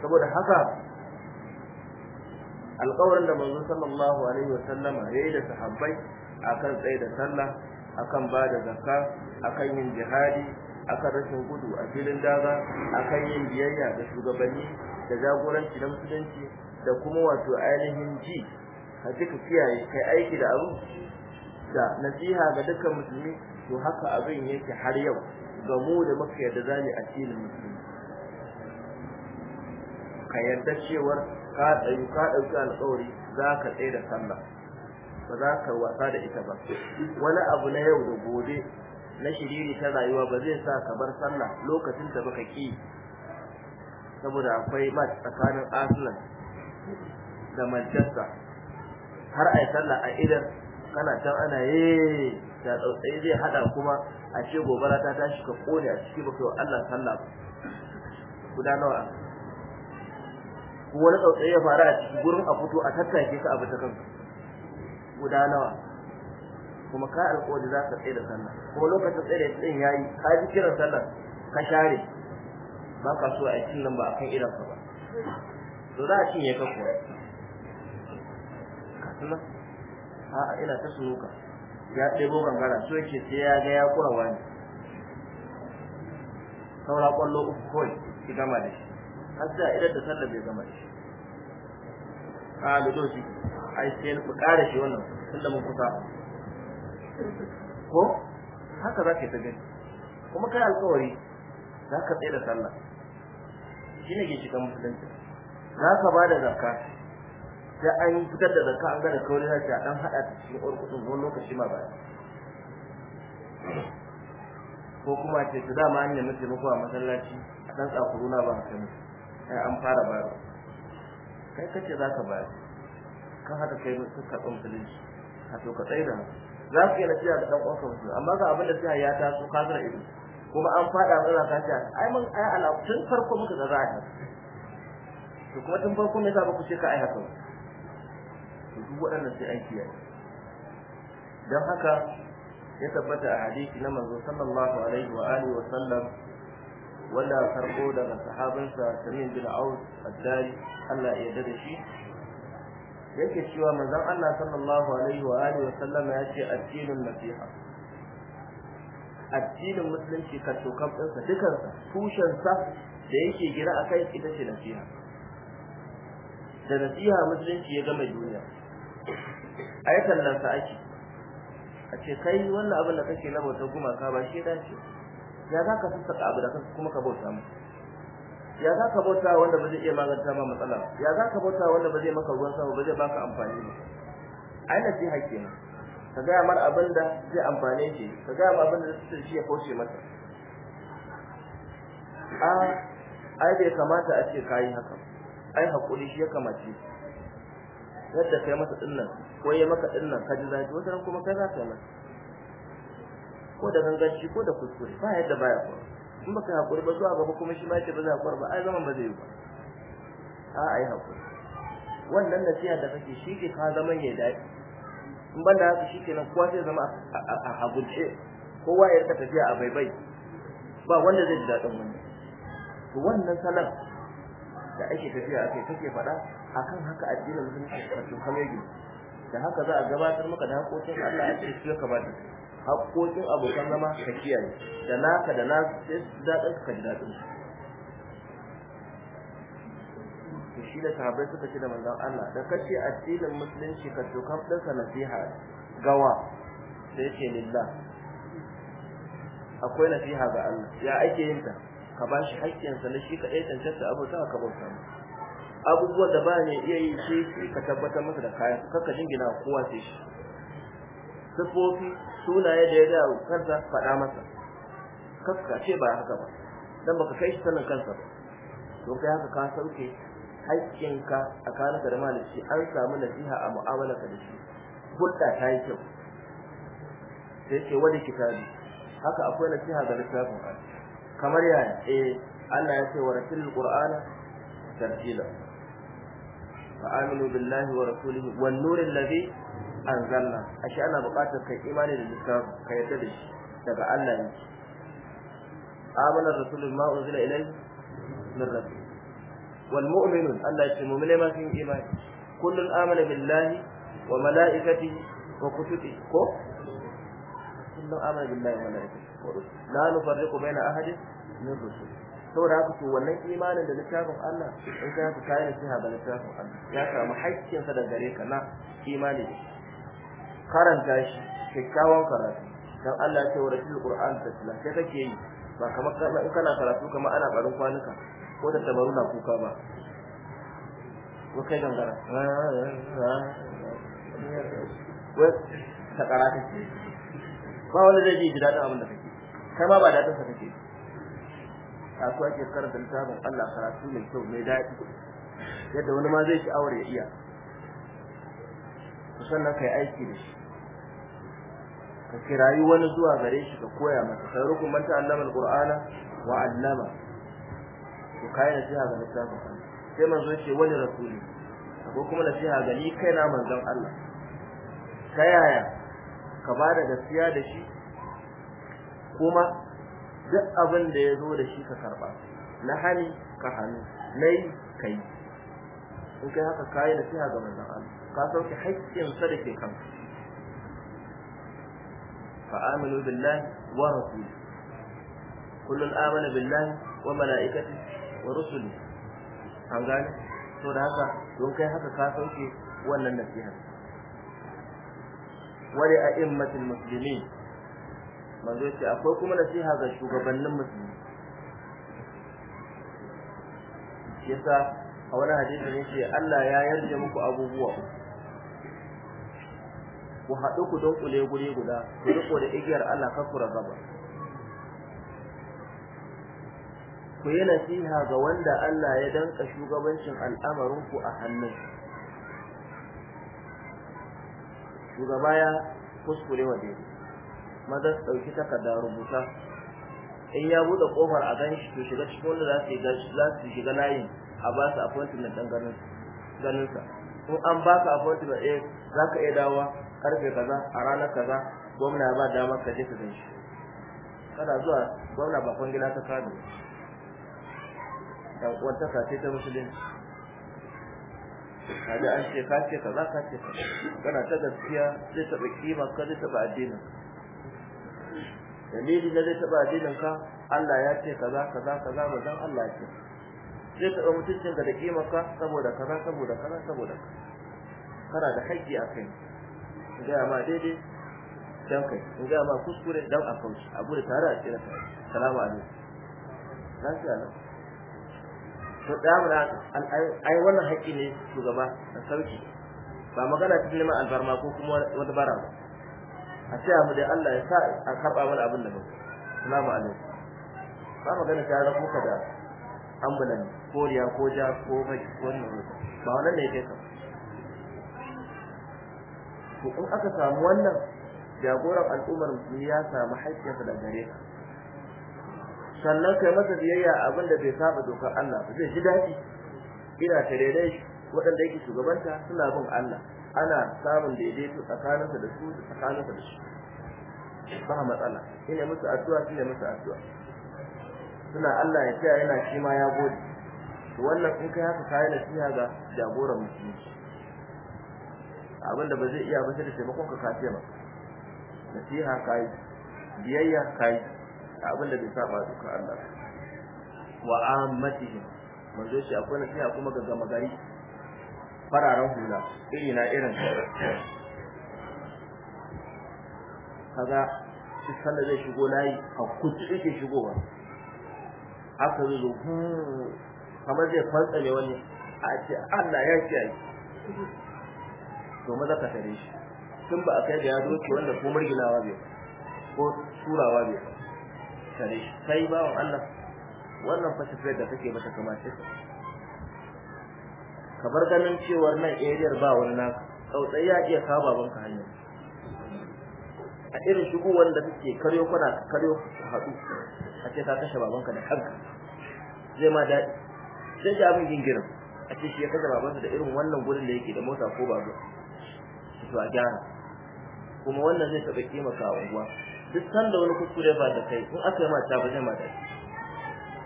saboda haka alƙawarin da manzo sallallahu alaihi wa sallama ya yi da sahabbai akan tsaye da sallah akan ba da zakka akan yin jihadi akan rashin gudu a filin daga akan yin biyayya da shugabanni da jagoranci da musulunci da kuma wato ainihin ji ka duka kiyaye kai aiki da abu da nasiha ga dukkan musulmi to haka abin yake har yau ga mu da muka yarda yi a filin musulmi ka yarda cewar ka tsayu ka ɗauki alƙawari za ka tsaye da sallah ba za ka wasa da ita ba wani abu na yau da gobe na shiriri ta rayuwa ba zai sa ka bar sallah lokacin da baka ki saboda akwai match tsakanin Arsenal da Manchester har ai sallah a idan kana can ana ye eh, da tsautsayi zai hada kuma a ce gobara ta tashi ka kone a ciki baka wa Allah sallah guda nawa ko wani tsautsayi ya fara a ciki gurin a fito a tattake ka abu ta kanka guda nawa kuma ka alƙawari za ka tsaye da sallah kuma lokacin tsaye da tsayin yi. ka ji kiran sallah ka share ba ka so a yi cin nan ba a kan irin ka ba to za a cinye ka kuwa ka tuna a ina ta sunuka ya ɗebo gangara so yake sai ya ga ya kura wani saura ƙwallo uku kawai ki gama da shi har sai a idan da sallah bai gama da shi a da a yi sai na fi ƙara shi wannan tun da mun kusa ko haka za ka yi ta gani kuma kai alkawari za ka tsaye da sallah shi ne shiga musulunci za ka ba da zakka sai an yi fitar da zakka an gada kawai za ta ɗan haɗa ta cikin orkutun wani lokaci ma ba ko kuma ce su dama an nemi taimako a masallaci a ɗan tsakuru na ba ka mutu sai an fara bayar kai kace za ka bayar kan haka kai suka tsamsulunci Ka to ka tsaye da mutu za su yi nasiha da ɗan uwanka musulmi amma ga abin da sai ya taso ka zara ido kuma an faɗa a ka ce ai mun ai ala tun farko muka ga za to kuma tun farko ne za ba ku ce ka ai haka to duk waɗannan sai an kiyaye dan haka ya tabbata a hadisi na manzo sallallahu alaihi wa alihi wa sallam wanda farko daga sahabinsa Tamim bin Aus Addari Allah ya yarda da shi yake cewa manzon Allah sallallahu alaihi wa alihi wa sallama ya ce addinin nasiha addinin musulunci ka tokam ɗinsa tushen sa da yake gira a kai ita ce nasiha da nasiha musulunci ya gama duniya a yi tallansa ake a ce kai wannan abin da kake na bautar gumaka ba shi dace ya za ka sassaƙa abu da kanka kuma ka bauta mu ya za ka bauta wanda ba zai iya maganta ma matsala ya za ka bauta wanda ba zai maka ruwan sama ba zai baka amfani ba ai na hakki ne? ka gaya mar abinda zai amfane shi ka gaya ma abinda da zai shi ya koshe masa a ai bai kamata a ce kayi haka ai hakuri shi ya kamace yadda kai masa dinnan ko ya maka dinnan ka ji zafi wata kuma kai za ka yi masa ko da ganganci ko da kuskure ba yadda baya kuma in baka hakuri ba zuwa gaba kuma shi ma ce ba za ka ba ai zaman ba zai yi ba a ai hakuri wannan nasiha da kake shi ke ka zaman ya daɗi in banda haka shi nan kowa zai zama a hagunce kowa ya rika tafiya a baibai ba wanda zai ji daɗin wannan to wannan salon da ake tafiya akai kake faɗa akan haka addinin musulunci cikin tsoka mai da haka za a gabatar maka da hakokin Allah a cikin kamata haƙoƙin abokan zama ka kiyaye da naka da nasu sai su daɗin ka ji daɗin to shi da sahabbai suka ce da manzon Allah da kace addinin musulunci ka to kan dan nasiha gawa sai ce lillah akwai nasiha ga Allah ya ake yin ta ka ba shi haƙƙin sa na shi ka dai tantance abu ta ka bauta mu abubuwa da ba ne iya yi shi ka tabbatar masa da kayan kakka jingina kowa sai shi sifofi sunaye da ya ga kansa faɗa masa kaska ce ba haka ba dan baka kai shi sanin kansa ba to kai haka ka sauke haƙƙinka tsakanin da malici an samu nasiha a mu'amalarka da shi hulɗa ta yi kyau sai ce wani kitabi haka akwai nasiha ga littafin ka kamar ya eh Allah ya ce wa rasulul qur'ana tarjila fa aminu billahi wa rasulihi wan nuril ladhi anzalna ashe ana buƙatar kai imani da littafi ka yarda da shi daga Allah ne amana rasulun ma unzila ilai min rabbi wal mu'minun Allah ya ce mu'mine ma sun imani kullun amana billahi wa mala'ikatihi wa kutubi ko kullun amana billahi wa mala'ikatihi wa rusulihi la nufarriqu baina ahadin min rusul saboda haka to wannan imanin da littafin Allah in ka haka kayan nasiha ba littafin Allah ya samu haƙƙinsa da gare ka na imani da shi karanta shi kyakkyawan karatu dan Allah ya ce shi Qur'an da tasla sai kake yi ba kamar kana karatu kamar ana barin kwanuka ko da tabaru na kuka ba ko kai gangara wai ta karatu ba wani zai ji dadin abin da kake kai ma ba daɗin sa kake ko ake karanta littafin Allah karatu mai kyau mai daɗi yadda wani ma zai ci aure ya iya sannan kai aiki da shi ka kirayi wani zuwa gare shi ka koya masa khairukum manta annama alqur'ana wa annama to kai nasiha ga littafin Allah sai manzo ce wani rasuli ko kuma nasiha ga ni na manzon Allah kayaya yaya ka ba da gaskiya da shi kuma duk abin da ya zo da shi ka karba na hani ka hannu na yi ka yi in kai haka kayi nasiha ga manzon Allah ka sauke haƙƙinsa da ke kanka فآمنوا بالله ورسوله كل آمن بالله وملائكته ورسله an gane to da haka don kai haka ka sauke wannan nasiha wani a immatin musulmi manzo ce akwai kuma nasiha ga shugabannin musulmi yasa a wani hadisi ne ce Allah ya yarje muku abubuwa ku haɗu ku kule guri guda ku riko da igiyar Allah ka kura gaba ku yi nasiha ga wanda Allah ya danka shugabancin al'amarin ku a hannun shugaba ya kuskure wa dai maza su ɗauki takarda rubuta in ya buɗe ƙofar a gan shi to shiga cikin wanda za su shiga layin a ba su appointment ɗan ganin sa in an ba ka appointment ɗaya eh, za ka iya dawa karfe kaza a ranar kaza gwamna ya ba damar ka je ka gan shi kada zuwa gwamna ba kwangila ta kano dan wata ce ta musulunci kaji an ce ka ce kaza ka ce kaza kana ta gaskiya zai taɓa kima ka zai taɓa addinin dalilin da zai taɓa addinin ka Allah ya ce kaza kaza kaza mazan Allah ya ce zai taɓa mutuncinka da kima ka saboda kaza saboda kaza saboda kana da haƙƙi a kai in gaya ma daidai dan kai in gaya ma kuskure don a kauce a gudu tare a tsira tare salamu alaikum lafiya lau to da mu na ai wannan haƙƙi ne shugaba a sauki ba magana ta neman albarma ko kuma wani bara ba a ce mu dai Allah ya sa a karɓa mana abin da ba salamu alaikum ba magana ta rabu kuka da ambulan ko riya ko ja ko baki ko wannan ba wannan ne ya kai ka to in aka samu wannan jagoran al'ummar musulmi ya samu haƙƙinsa da gare ka sannan kai masa biyayya abin da bai saba dokar Allah ba zai ji daɗi ina tare da shi waɗanda yake shugabanta suna bin Allah ana samun daidaito tsakaninsa da su da tsakaninsa da shi ba matsala ina musu addu'a ina musu addu'a suna Allah ya kiyaye yana shi ma ya gode to wannan in kai haka kai nasiha ga jagoran musulmi abinda ba zai iya ba sai da taimakon ka ka ba nasiha kai biyayya kai abinda bai saba duka Allah wa ammatihim manzo shi akwai nasiha kuma ga gama gari fararen hula iri na irin kaga duk sanda zai shigo layi a kuci yake shigowa haka zai zo hmm, kamar zai ne wani a ce Allah ya kiyaye to maza ka tare shi tun ba a kai da ya ki wanda ko murginawa bai ko turawa bai tare shi ba wa Allah wannan fasifiyar da take mata kama ce ka bar ganin cewar nan eriyar ba wani naka tsautsayi ya iya kawo babanka hanya a irin shigo wanda kake karyo kana karyo haɗu a ce ta kashe babanka da kanka zai ma daɗi sai ya abin gingirin a ce shi ya kashe babansa da irin wannan gurin da yake da mota ko babur to a gyara kuma wannan zai taɓa kimaka a unguwa duk sanda wani kuskure ba da kai in aka yi mata ba zai mata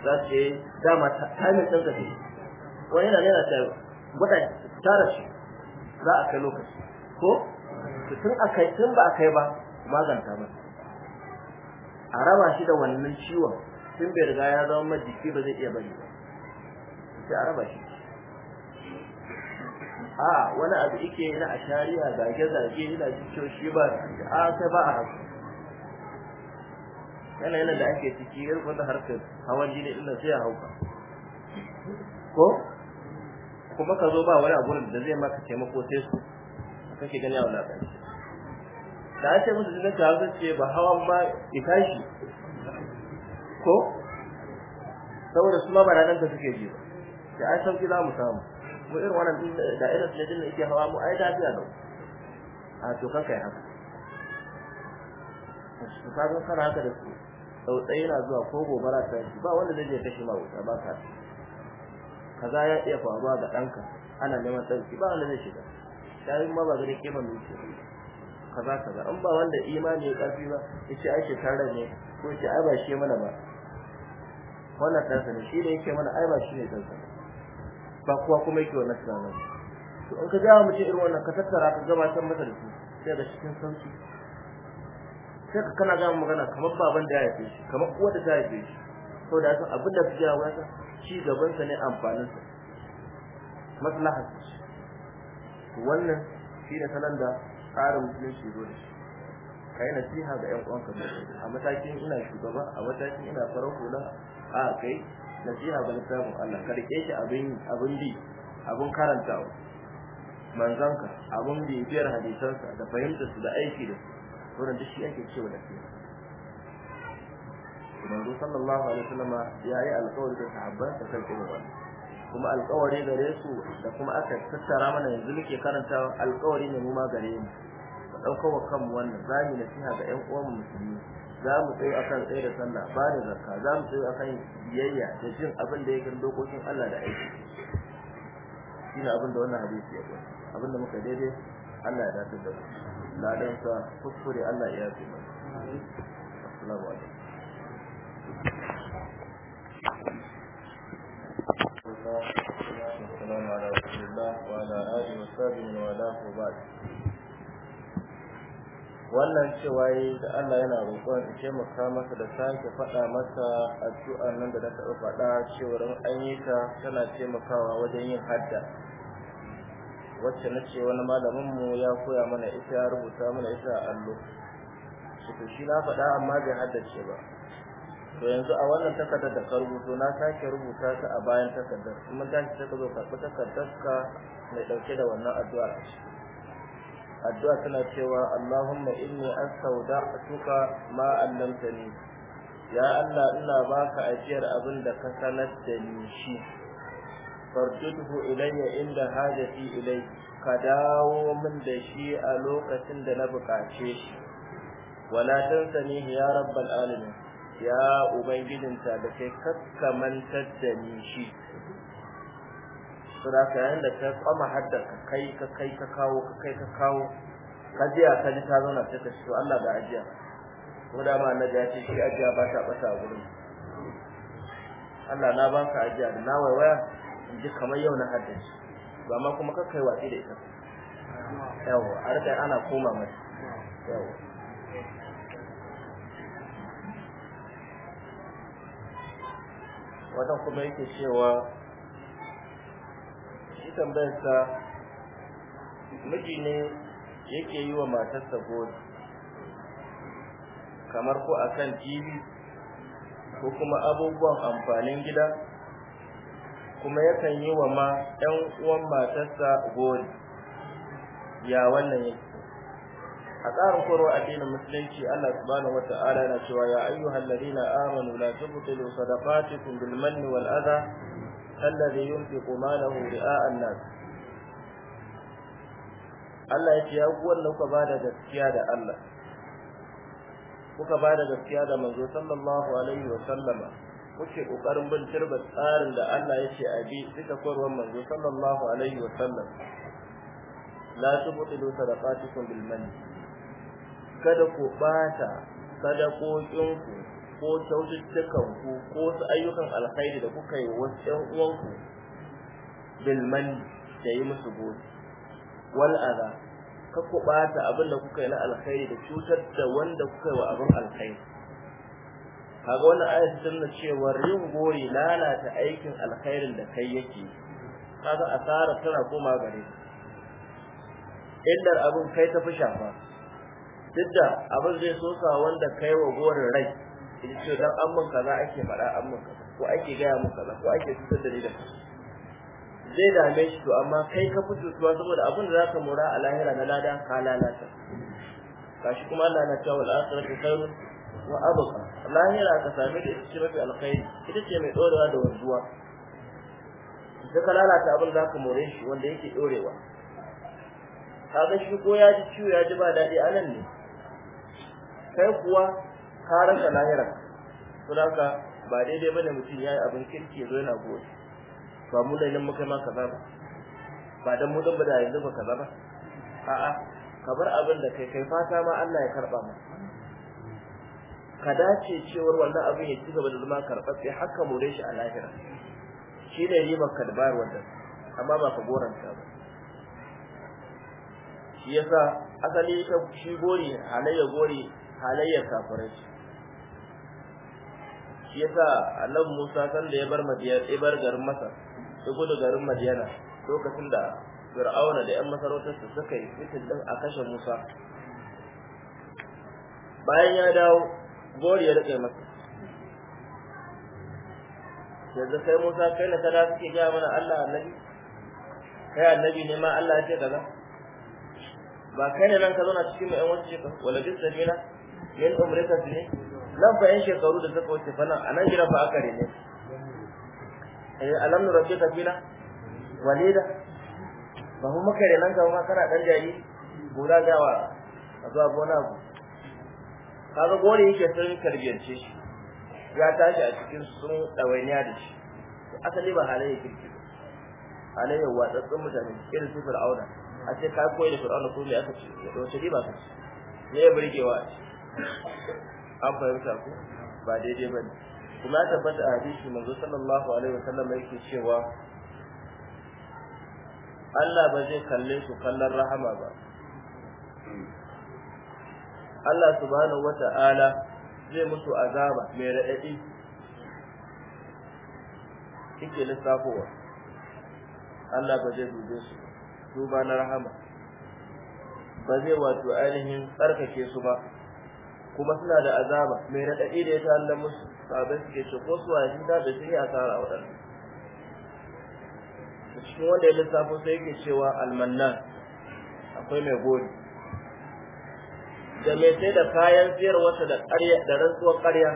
za su yi dama tamin ɗan kafe wani yana yana ta gwada tara shi za a kai lokaci ko tun a kai tun ba a kai ba maganta ba a raba shi da wannan ciwon tun bai riga ya zama majiki ba zai iya bari ba sai a raba shi a wani abu yi na shari'a zage zage yana cikin shi ba a sai ba a haka yana yana da ake ciki yar wanda harkar hawan jini din da sai ya hauka ko kuma ka zo ba wani abu da zai maka taimako sai su kake gani a wannan da a ce musu jinin ka ce ba hawan ma ya tashi ko saboda su ma ba ranar da suke ji ba da an ki za mu samu mu irin wannan da irin da da yake hawa mu ai da ne a to kan kai haka su ka ga kana haka da su tsautsayi na zuwa ko gobara ta yi ba wanda zai je kashe ma wuta ba ka kaza ya iya faruwa ga ɗanka ana neman tsarki ba wanda zai shiga yayin ma ba zai kima mai ce kaza kaza an ba wanda imani ya ƙarfi ba yace ai shekarar ne ko ce ai ba shi mana ba wannan ɗansa shi ne yake mana ai ba shi ne ɗansa ba kowa kuma yake wannan tunanin to in ka ga mutum irin wannan ka tattara ka gabatar masa da shi sai da cikin sauki sai ka kana ga magana kamar baban da ya yi shi kamar uwar da ta yi shi to da san abin da kike yawa sa ci gaban sa ne amfanin sa maslaha to wannan shi ne sanan da tsarin shi zo da shi kai nasiha ga ƴan ka a matakin ina shugaba a matakin ina farar hula a kai nasiha ga littafin Allah ka shi abin abin bi abin karantawa manzanka abin hadisan sa da fahimtar su da aiki da su wurin shi ake cewa shi manzo sallallahu alaihi wasallama ya yi alƙawari da sahabban da kai kuma wani kuma alƙawari gare su da kuma aka tattara mana yanzu muke karanta alƙawari ne mu ma gare mu ɗaukar wa kanmu wannan zamu nasiha ga ƴan uwan musulmi za mu tsaye akan tsaye da sallah ba da zakka za mu tsaye akan biyayya da jin abin da yake dokokin Allah da aiki shine abin da wannan hadisi ya kwanta abin da muka daidai Allah ya dace da mu dan sa kuskure Allah ya yafe mu assalamu alaikum السلام على رسول الله وعلى آله وصحبه وله وبعد wannan cewa yi da Allah yana roƙon in taimaka masa da sake faɗa masa addu'a nan da na taɓa faɗa cewar an yi ta tana taimakawa wajen yin hadda wacce na ce wani malamin mu ya koya mana ita ya rubuta mana ita a allo su shi na faɗa amma bai haddace ba to yanzu a wannan takardar da ka rubuto na sake rubuta ta a bayan takardar kuma ta ce ta zo karɓi takardar ka mai ɗauke da wannan addu'a a ciki addu'a tana cewa Allahumma inni astawda'tuka ma 'allamtani ya Allah ina baka ajiyar abin da ka sanar da ni shi fardudhu ilayya inda hajati ilai ka dawo min da shi a lokacin da na buƙace shi wala tansani ya rabbal alamin ya ta da kai mantar da ni shi sura kayan da ka kwama haddarka kai ka kai ka kawo ka kai ka kawo ka ji ka ji ka zauna sai ka to Allah ga ajiya ko da ma na ya ce shi ajiya ba ta bata a gurin Allah na ba ka ajiya da na waya in ji kamar yau na shi ba ma kuma ka kai watsi da ita yawa a rika ana koma mai yawa wata kuma yake cewa shi tambayarsa miji ne yake yi wa matarsa gori kamar ko a kan TV ko kuma abubuwan amfanin gida kuma yakan yi wa ma 'yan uwan matarsa gori ya wannan yake a tsarin korowar addinin musulunci Allah subhanahu wata'ala yana cewa ya ayyuhal ladina amanu la tubtilu sadaqatikum bil manni wal adha alladhi yunfiqu malahu ri'a nas Allah ya ce ya ku wannan kuka bada gaskiya da Allah kuka bada gaskiya da manzo sallallahu alaihi wa sallama kuke kokarin bin turba tsarin da Allah ya ce a bi bisa korwan manzo sallallahu alaihi wa sallam la tubtilu sadaqatikum bil manni kada ku bata ku ko kyaututtukanku ko wasu ayyukan alkhairi da kuka yi wasu ƴan uwanku bil manni da yi musu gode wal adha ka ku bata abin da kuka yi na alkhairi da cutar da wanda kuka yi wa abin alkhairi kaga wannan ayat tana cewa rin gori lalata aikin alkhairin da kai yake kaga asara tana koma gare Indar abin kai ta fi shafa duk da abin zai sosa wanda kai wa gorin rai ita ce don an mun kaza ake faɗa an mun kaza ko ake gaya mun kaza ko ake cutar da ni da kaza zai dame shi to amma kai ka fito cutuwa saboda abin da zaka mura a lahira na lada ka lalata kashi kuma Allah na cewa al-akhiratu khairun wa abqa lahira ka sami da ita ce mafi alkhairi ita ce mai dorewa da wanzuwa da ka lalata abin da zaka more shi wanda yake dorewa kaga shi ko ya ji ciwo ya ji ba daɗi anan ne kai kuwa ka rasa lahira to ba daidai bane mutum yayi abin kirki zo yana gobe ba mu da nan muka ma kaza ba ba dan mu dan ba da yanzu ba kaza ba a'a ka bar abin da kai kai fata ma Allah ya karba mu ka dace cewar wannan abin ya ci gaba da zama karɓar sai haka more shi a lahira shi ne ribar ka da bayar wannan amma ba ka goranta ba shi yasa asali ta shi gori halayya gori halayyar kafirai shi yasa Allah Musa san da ya bar Madiyar ya bar garin Masar ya gudu garin madiyana lokacin da fir'auna da 'yan masarautarsa suka yi fitin din a kashe musa bayan ya dawo gori ya rike masa yanzu sai musa kai na kada suke gaya mana allah annabi kai annabi ne ma allah ya ce kaza ba kai ne nan ka zauna cikin mai 'yan wasu shekaru wala bisa mina yin umrika ne nan fa 'yan shekaru da suka wuce fa nan a nan gida fa aka ne eh alam nurabi ka fina walida ba mu maka renan ka ma kana dan jari gora gawa a gona ku kaga gore yake sun tarbiyance shi ya tashi a cikin sun dawainiya da shi asali ba halaye kirki halayya watsatsun mutane irin su fir'auna a ce ka koyi da fir'auna ko me aka ce wace riba ka ce ne burgewa an fahimta ku ba daidai ba ne kuma ya tabbata a hadisi manzo sallallahu alaihi wasallam yake cewa Allah ba zai kalle su kallon rahama ba Allah subhanahu wata'ala zai musu azaba mai raɗaɗi yake lissafowa Allah ba zai dube su duba na rahama ba zai wato ainihin tsarkake su ba kuma suna da azaba mai raɗaɗi da ya ta musu sahabbai suke ce ko su waye da da sai waɗanda. wadannan cikin wanda ya lissafo sai yake cewa almannan akwai mai gori da mai sai da kayan siyar wata da ƙarya da rantsuwar ƙarya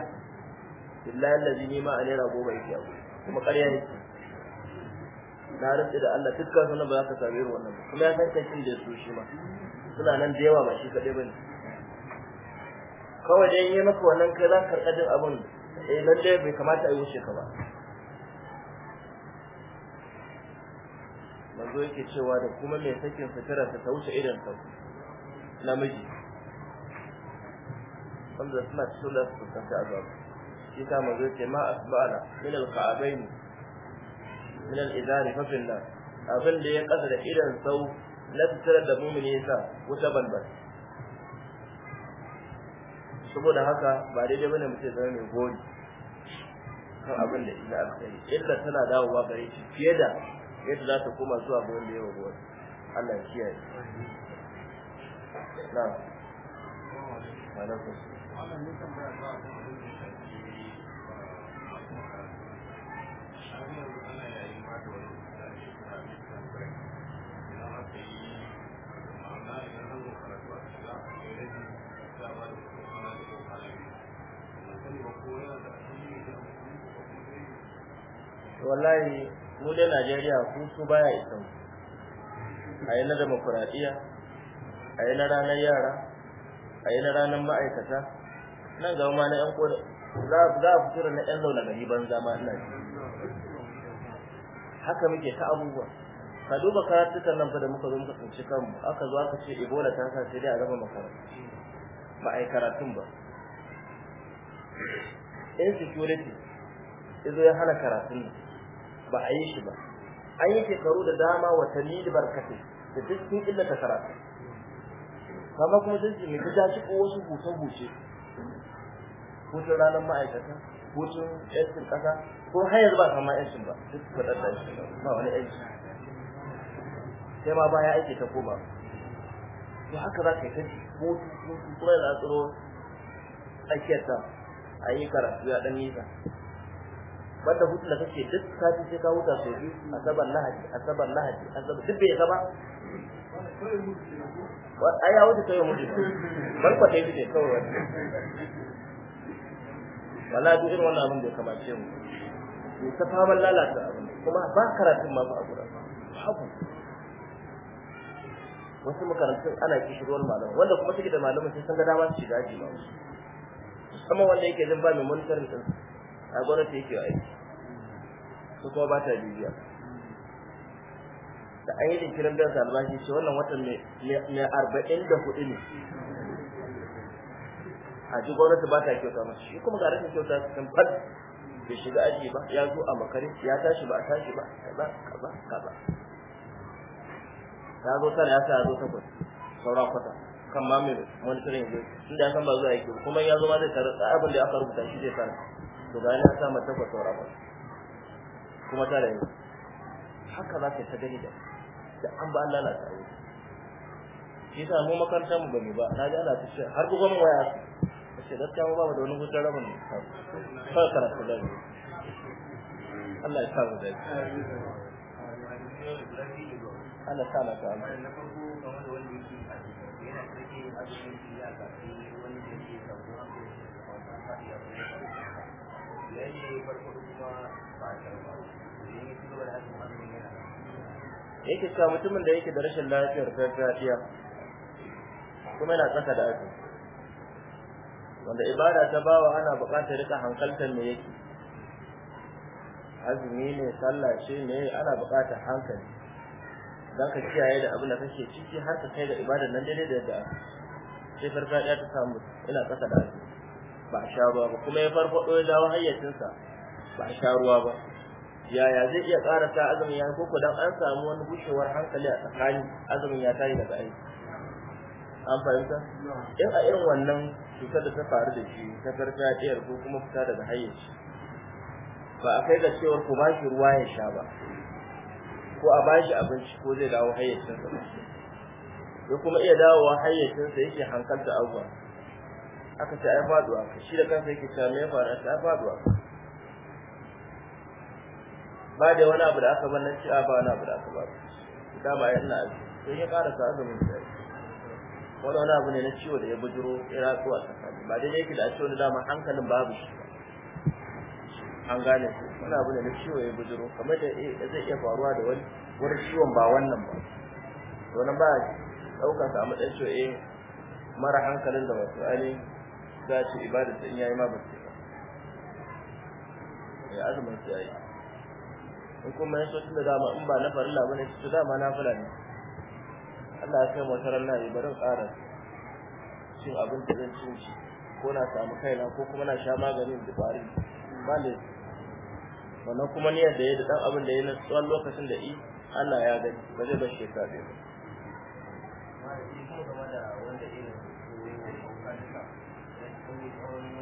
billahi allazi ni ma a naira goma yake abu kuma ƙarya ne na rantsi da Allah dukkan suna ba za ka sami irin wannan kuma ya san kankin da su shi ma suna nan da yawa ba shi kaɗai ba ne kawai dai yi maka wannan kai za ka karɓa abin eh lalle bai kamata a yi wuce ka ba manzo yake cewa da kuma mai sakin fitara ta wuce idan sa namiji wanda suna cikin da su fuskanci azabu shi ta manzo yake ma asba'ala min al-ka'abaini min al-izari fa fil abin da ya kasa da idan sau na fitar da mumini yasa wuta banban saboda haka ba daidai bane mutum zama mai gori kan abin da ita aka sani illa tana dawowa gare shi fiye da yadda za ta koma zuwa ga wanda ya wa wani Allah ya kiyaye na alaikum Thank you. wallahi mu dai Najeriya hutu baya isan a yi na demokuraɗiyya a yi na ranar yara a yi na ranar ma'aikata nan ga ma na 'yan kodin za a fito da na 'yan zaune gari ban zama ina haka muke ta abubuwa ka duba karatukan nan fa da muka zo muka tsinci kanmu aka zo aka ce ebola ta sa sai dai a zama makarantu ba a yi karatun ba insecurity izo ya hana karatun nan ba a yi shi ba an yi shekaru da dama watanni da barkatai da duk sun illata karatu kama kuma sun jini ta ci wasu huce-huce hutun ranar ma'aikata hutun yancin ƙasa ko har yanzu ba kama yancin ba duk kwadar da shi ba wani yanci sai ma baya aiki ta koma to haka za ka yi ta ci hutu hutu kuma yana tsoro ta a yi karatu ya ɗan ta. wanda hutu da kake duk sati sai ka huta sau biyu asabar lahadi asabar lahadi asabar duk bai gaba ai ya wuce kai mutu bar ka yi ne kawai wani wala duk irin wannan abin da kamace mu ne ta faman lalata abin kuma ba karatun ma ba a gurin babu wasu makarantun ana kishirwar malamai wanda kuma suke da malamu sai sun ga dama su shiga aji ba musamman wanda yake zan ba mai monitoring a gwamnati yake aiki su kuma ba ta bibiya da an yi jinkirin biyan sa albashi ce wannan watan mai arba'in da hudu ne a ji gwamnati ba ta kyauta masu shi kuma ga rashin kyauta su kan fad da shiga aji ba ya zo a makarin ya tashi ba a tashi ba kaza kaza kaza ya zo tara ya sa ya zo takwas saura kwata kan ma mai monitoring zai inda ya san ba zuwa yake kuma ya zo ma zai tara abin da aka rubuta shi zai fara. to ga yana sa mata kwasaura ba kuma ta da haka za ka ta gani da da an ba Allah ta yi shi yasa mu makarantar mu bane ba na ji Allah ta ce har bugon waya ta ce gaskiya ba ba da wani gudan rabin ka karatu da ni Allah ya samu da ana ta na ta amma na farko da wanda yake yana yake cewa mutumin da yake da rashin lafiyar gargajiya kuma yana tsaka da aji. wanda ibada ta bawa ana buƙatar rika hankaltar me yake azumi ne sallah ce ne ana buƙatar hankali don ka kiyaye da abin da kake ciki har ka kai da ibadar nan daidai da yadda sai farfadiya ta samu ina tsaka da aji. ba a sha ruwa ba kuma ya farfado ya dawo hayyacinsa ba a sha ruwa ba yaya zai iya sa azumin ya koko dan an samu wani bushewar hankali a tsakani azumin ya tayi daga aiki an fahimta in a irin wannan cutar da ta faru da shi ta farfadiyar ko kuma fita daga hayyaci ba a kai ga cewar ku bashi ruwa ya sha ba ko a bashi abinci ko zai dawo hayyacinsa ba ya kuma iya dawowa hayyacinsa yake hankalta abuwa aka ce ai faduwa shi da kansa yake cewa me ya faru ta faduwa ba da wani abu da aka bar na ci a ah, ba wani abu da aka bar da ba yana shi sai ya ƙara sa azumin da wani wani abu ne na ciwo da ya bujuro ya ratsu a tsakani ba dai yake da a ciwo da dama hankalin babu shi an gane shi wani abu ne na ciwo ya bujuro kamar da zai iya faruwa da wani wani ciwon ba wannan ba wani ba ɗaukar samu a matsayin eh mara hankalin da wasu ainihin za ta ibada ta yayi ma ba ta eh, ya azumin ta yayi in kuma ya so tunda dama in ba na farilla bane to dama na fara ne Allah ya kai mu tarar na yi barin tsara cin abin da zan cin shi ko na samu kaina ko kuma na sha maganin da bari ba ne wannan kuma niyyar da ya da dan abin da ya na tsawon lokacin da i Allah ya gani ba zai bar shekara ba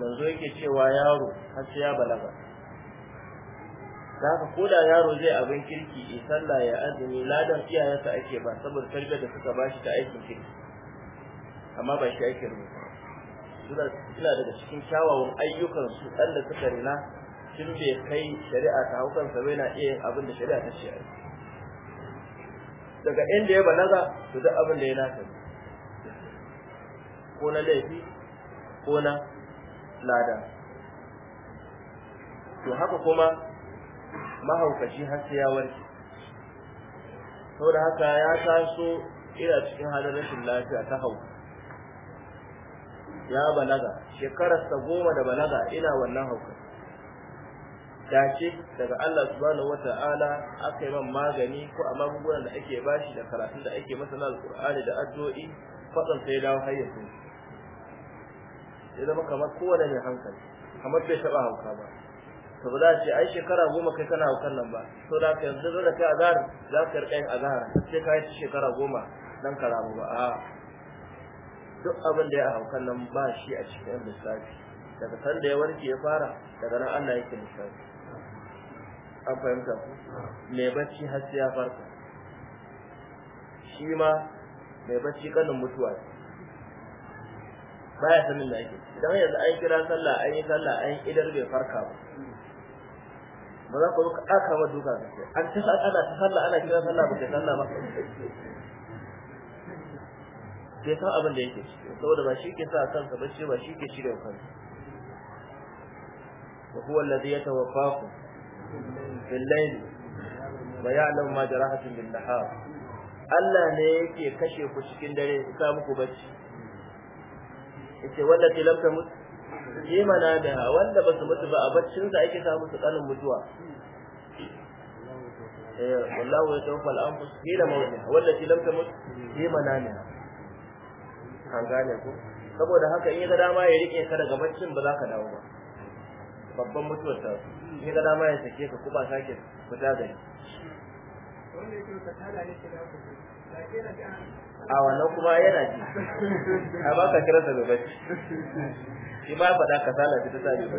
yanzu yake cewa yaro har sai ya balaga haka koda yaro zai abin kirki ya sallah ya azumi ladan iyayensa ake ba saboda tarbiyyar da suka bashi ta aikin kirki amma ba shi ake ba suna suna daga cikin kyawawan ayyukan su dan da suka rina tun bai kai shari'a ta hukan sa bai na iya yin abin da shari'a ta ce daga inda ya balaga to duk abin da ya nasa ko na laifi ko na lada to haka kuma mahaukaci har sai ya warke saboda haka ya taso ina cikin halin rashin lafiya ta hau ya balaga shekararsa goma da balaga ina wannan haukar dace daga Allah subhanahu wata'ala aka yi man magani ko a magungunan da ake bashi da karatun da ake masa na alƙur'ani da addu'o'i faɗin sai dawo hayyacin ya zama kamar kowane mai hankali kamar bai taɓa hauka ba saboda ce ai shekara goma kai kana haukan nan ba to da ka yanzu da kai azhar za ka rika yin azhar sai ka yi shekara goma dan karamu ba a duk abin da ya haukan nan ba shi a cikin lissafi daga sanda ya warke ya fara daga nan Allah yake lissafi an fahimta ku mai bacci har sai ya farka shi ma mai bacci kanin mutuwa ne baya sanin da ake idan yanzu an kira sallah an yi sallah an idar bai farka ba ba za ku ka aka ba duka ka ce an tafi ana ta sallah ana kira sallah ba ta sallah ba Ke san abin da yake saboda ba shi ke sa kansa ba ce ba shi ke shirya kansa wa huwa alladhi yatawaffaku bil layl wa ya'lamu ma jarahatin bin nahar Allah ne yake kashe ku cikin dare ka muku bacci yace wallati lam tamut yi mana da wanda ba su mutu ba a baccin sa ake samu su kanin mutuwa eh ya yatawaffa al-anfus hina wanda wallati lam tamut yi mana ne an gane ko saboda haka in ga dama ya rike ka daga baccin ba za ka dawo ba babban mutuwar ta in ga dama ya sake ka kuma sake fita gari wanda ke ka tana ne ke da ku a wannan kuma yana ji a ba ka kira sa bacci. shi ba faɗa sala ta tsare ba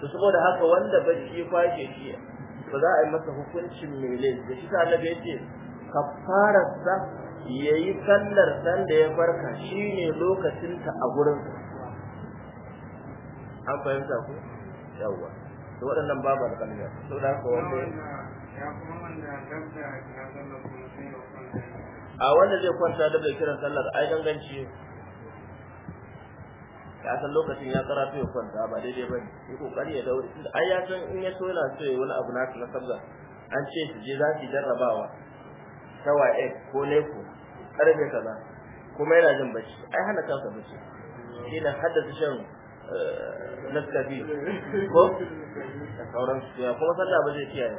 to saboda haka wanda bacci ya kwashe shi ba za a yi masa hukuncin mele da shi ta annabi yace kafararsa yayi sallar dan da ya farka shine lokacin ta a gurin an fahimta ku yawwa to waɗannan babu alƙalmiya da haka wanda a wanda zai kwanta da bai kiran sallar ai ganganci ya san lokacin ya karatu ya kwanta ba daidai ba ne. kokari ya daure ai ya san in ya so yana so ya wani abu na na sabga an ce su je za su jarrabawa tawa eh ko neko Ƙarfe kaza kuma yana jin bacci ai hana kansa bacci shi ne haddasa shan eh, naskafi ko da sauransu kuma sallah ba zai kiyaye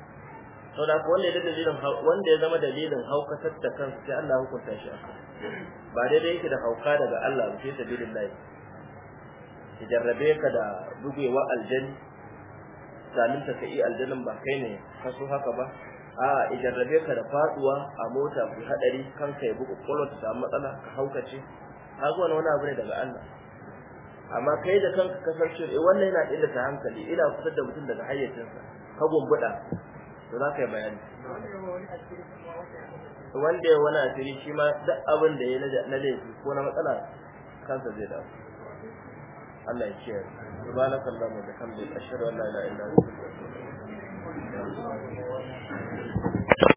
sau da wanda ya dalilin wanda ya zama dalilin haukatar da kansa sai Allah hukunta shi akan ba daidai yake da hauka daga Allah ba sai sabilin lahi ki jarrabe ka da bugewa aljani zalunta ta kai aljanin ba kai ne ka so haka ba a ya jarrabe ka da faduwa a mota ku hadari kan kai bugu kullu ta samu matsala ka haukace ka zo wani abu ne daga Allah amma kai da kanka kasance eh wannan yana illata hankali ina kusa da mutum daga hayyacinsa ka gumbuda to za ka yi bayani wanda ya wani asiri shi ma duk abin da ya na laifi ko na matsala kansa zai dawo Allah ya ce subhanaka allahumma wa bihamdika ashhadu an la ilaha illa anta astaghfiruka wa atubu ilaik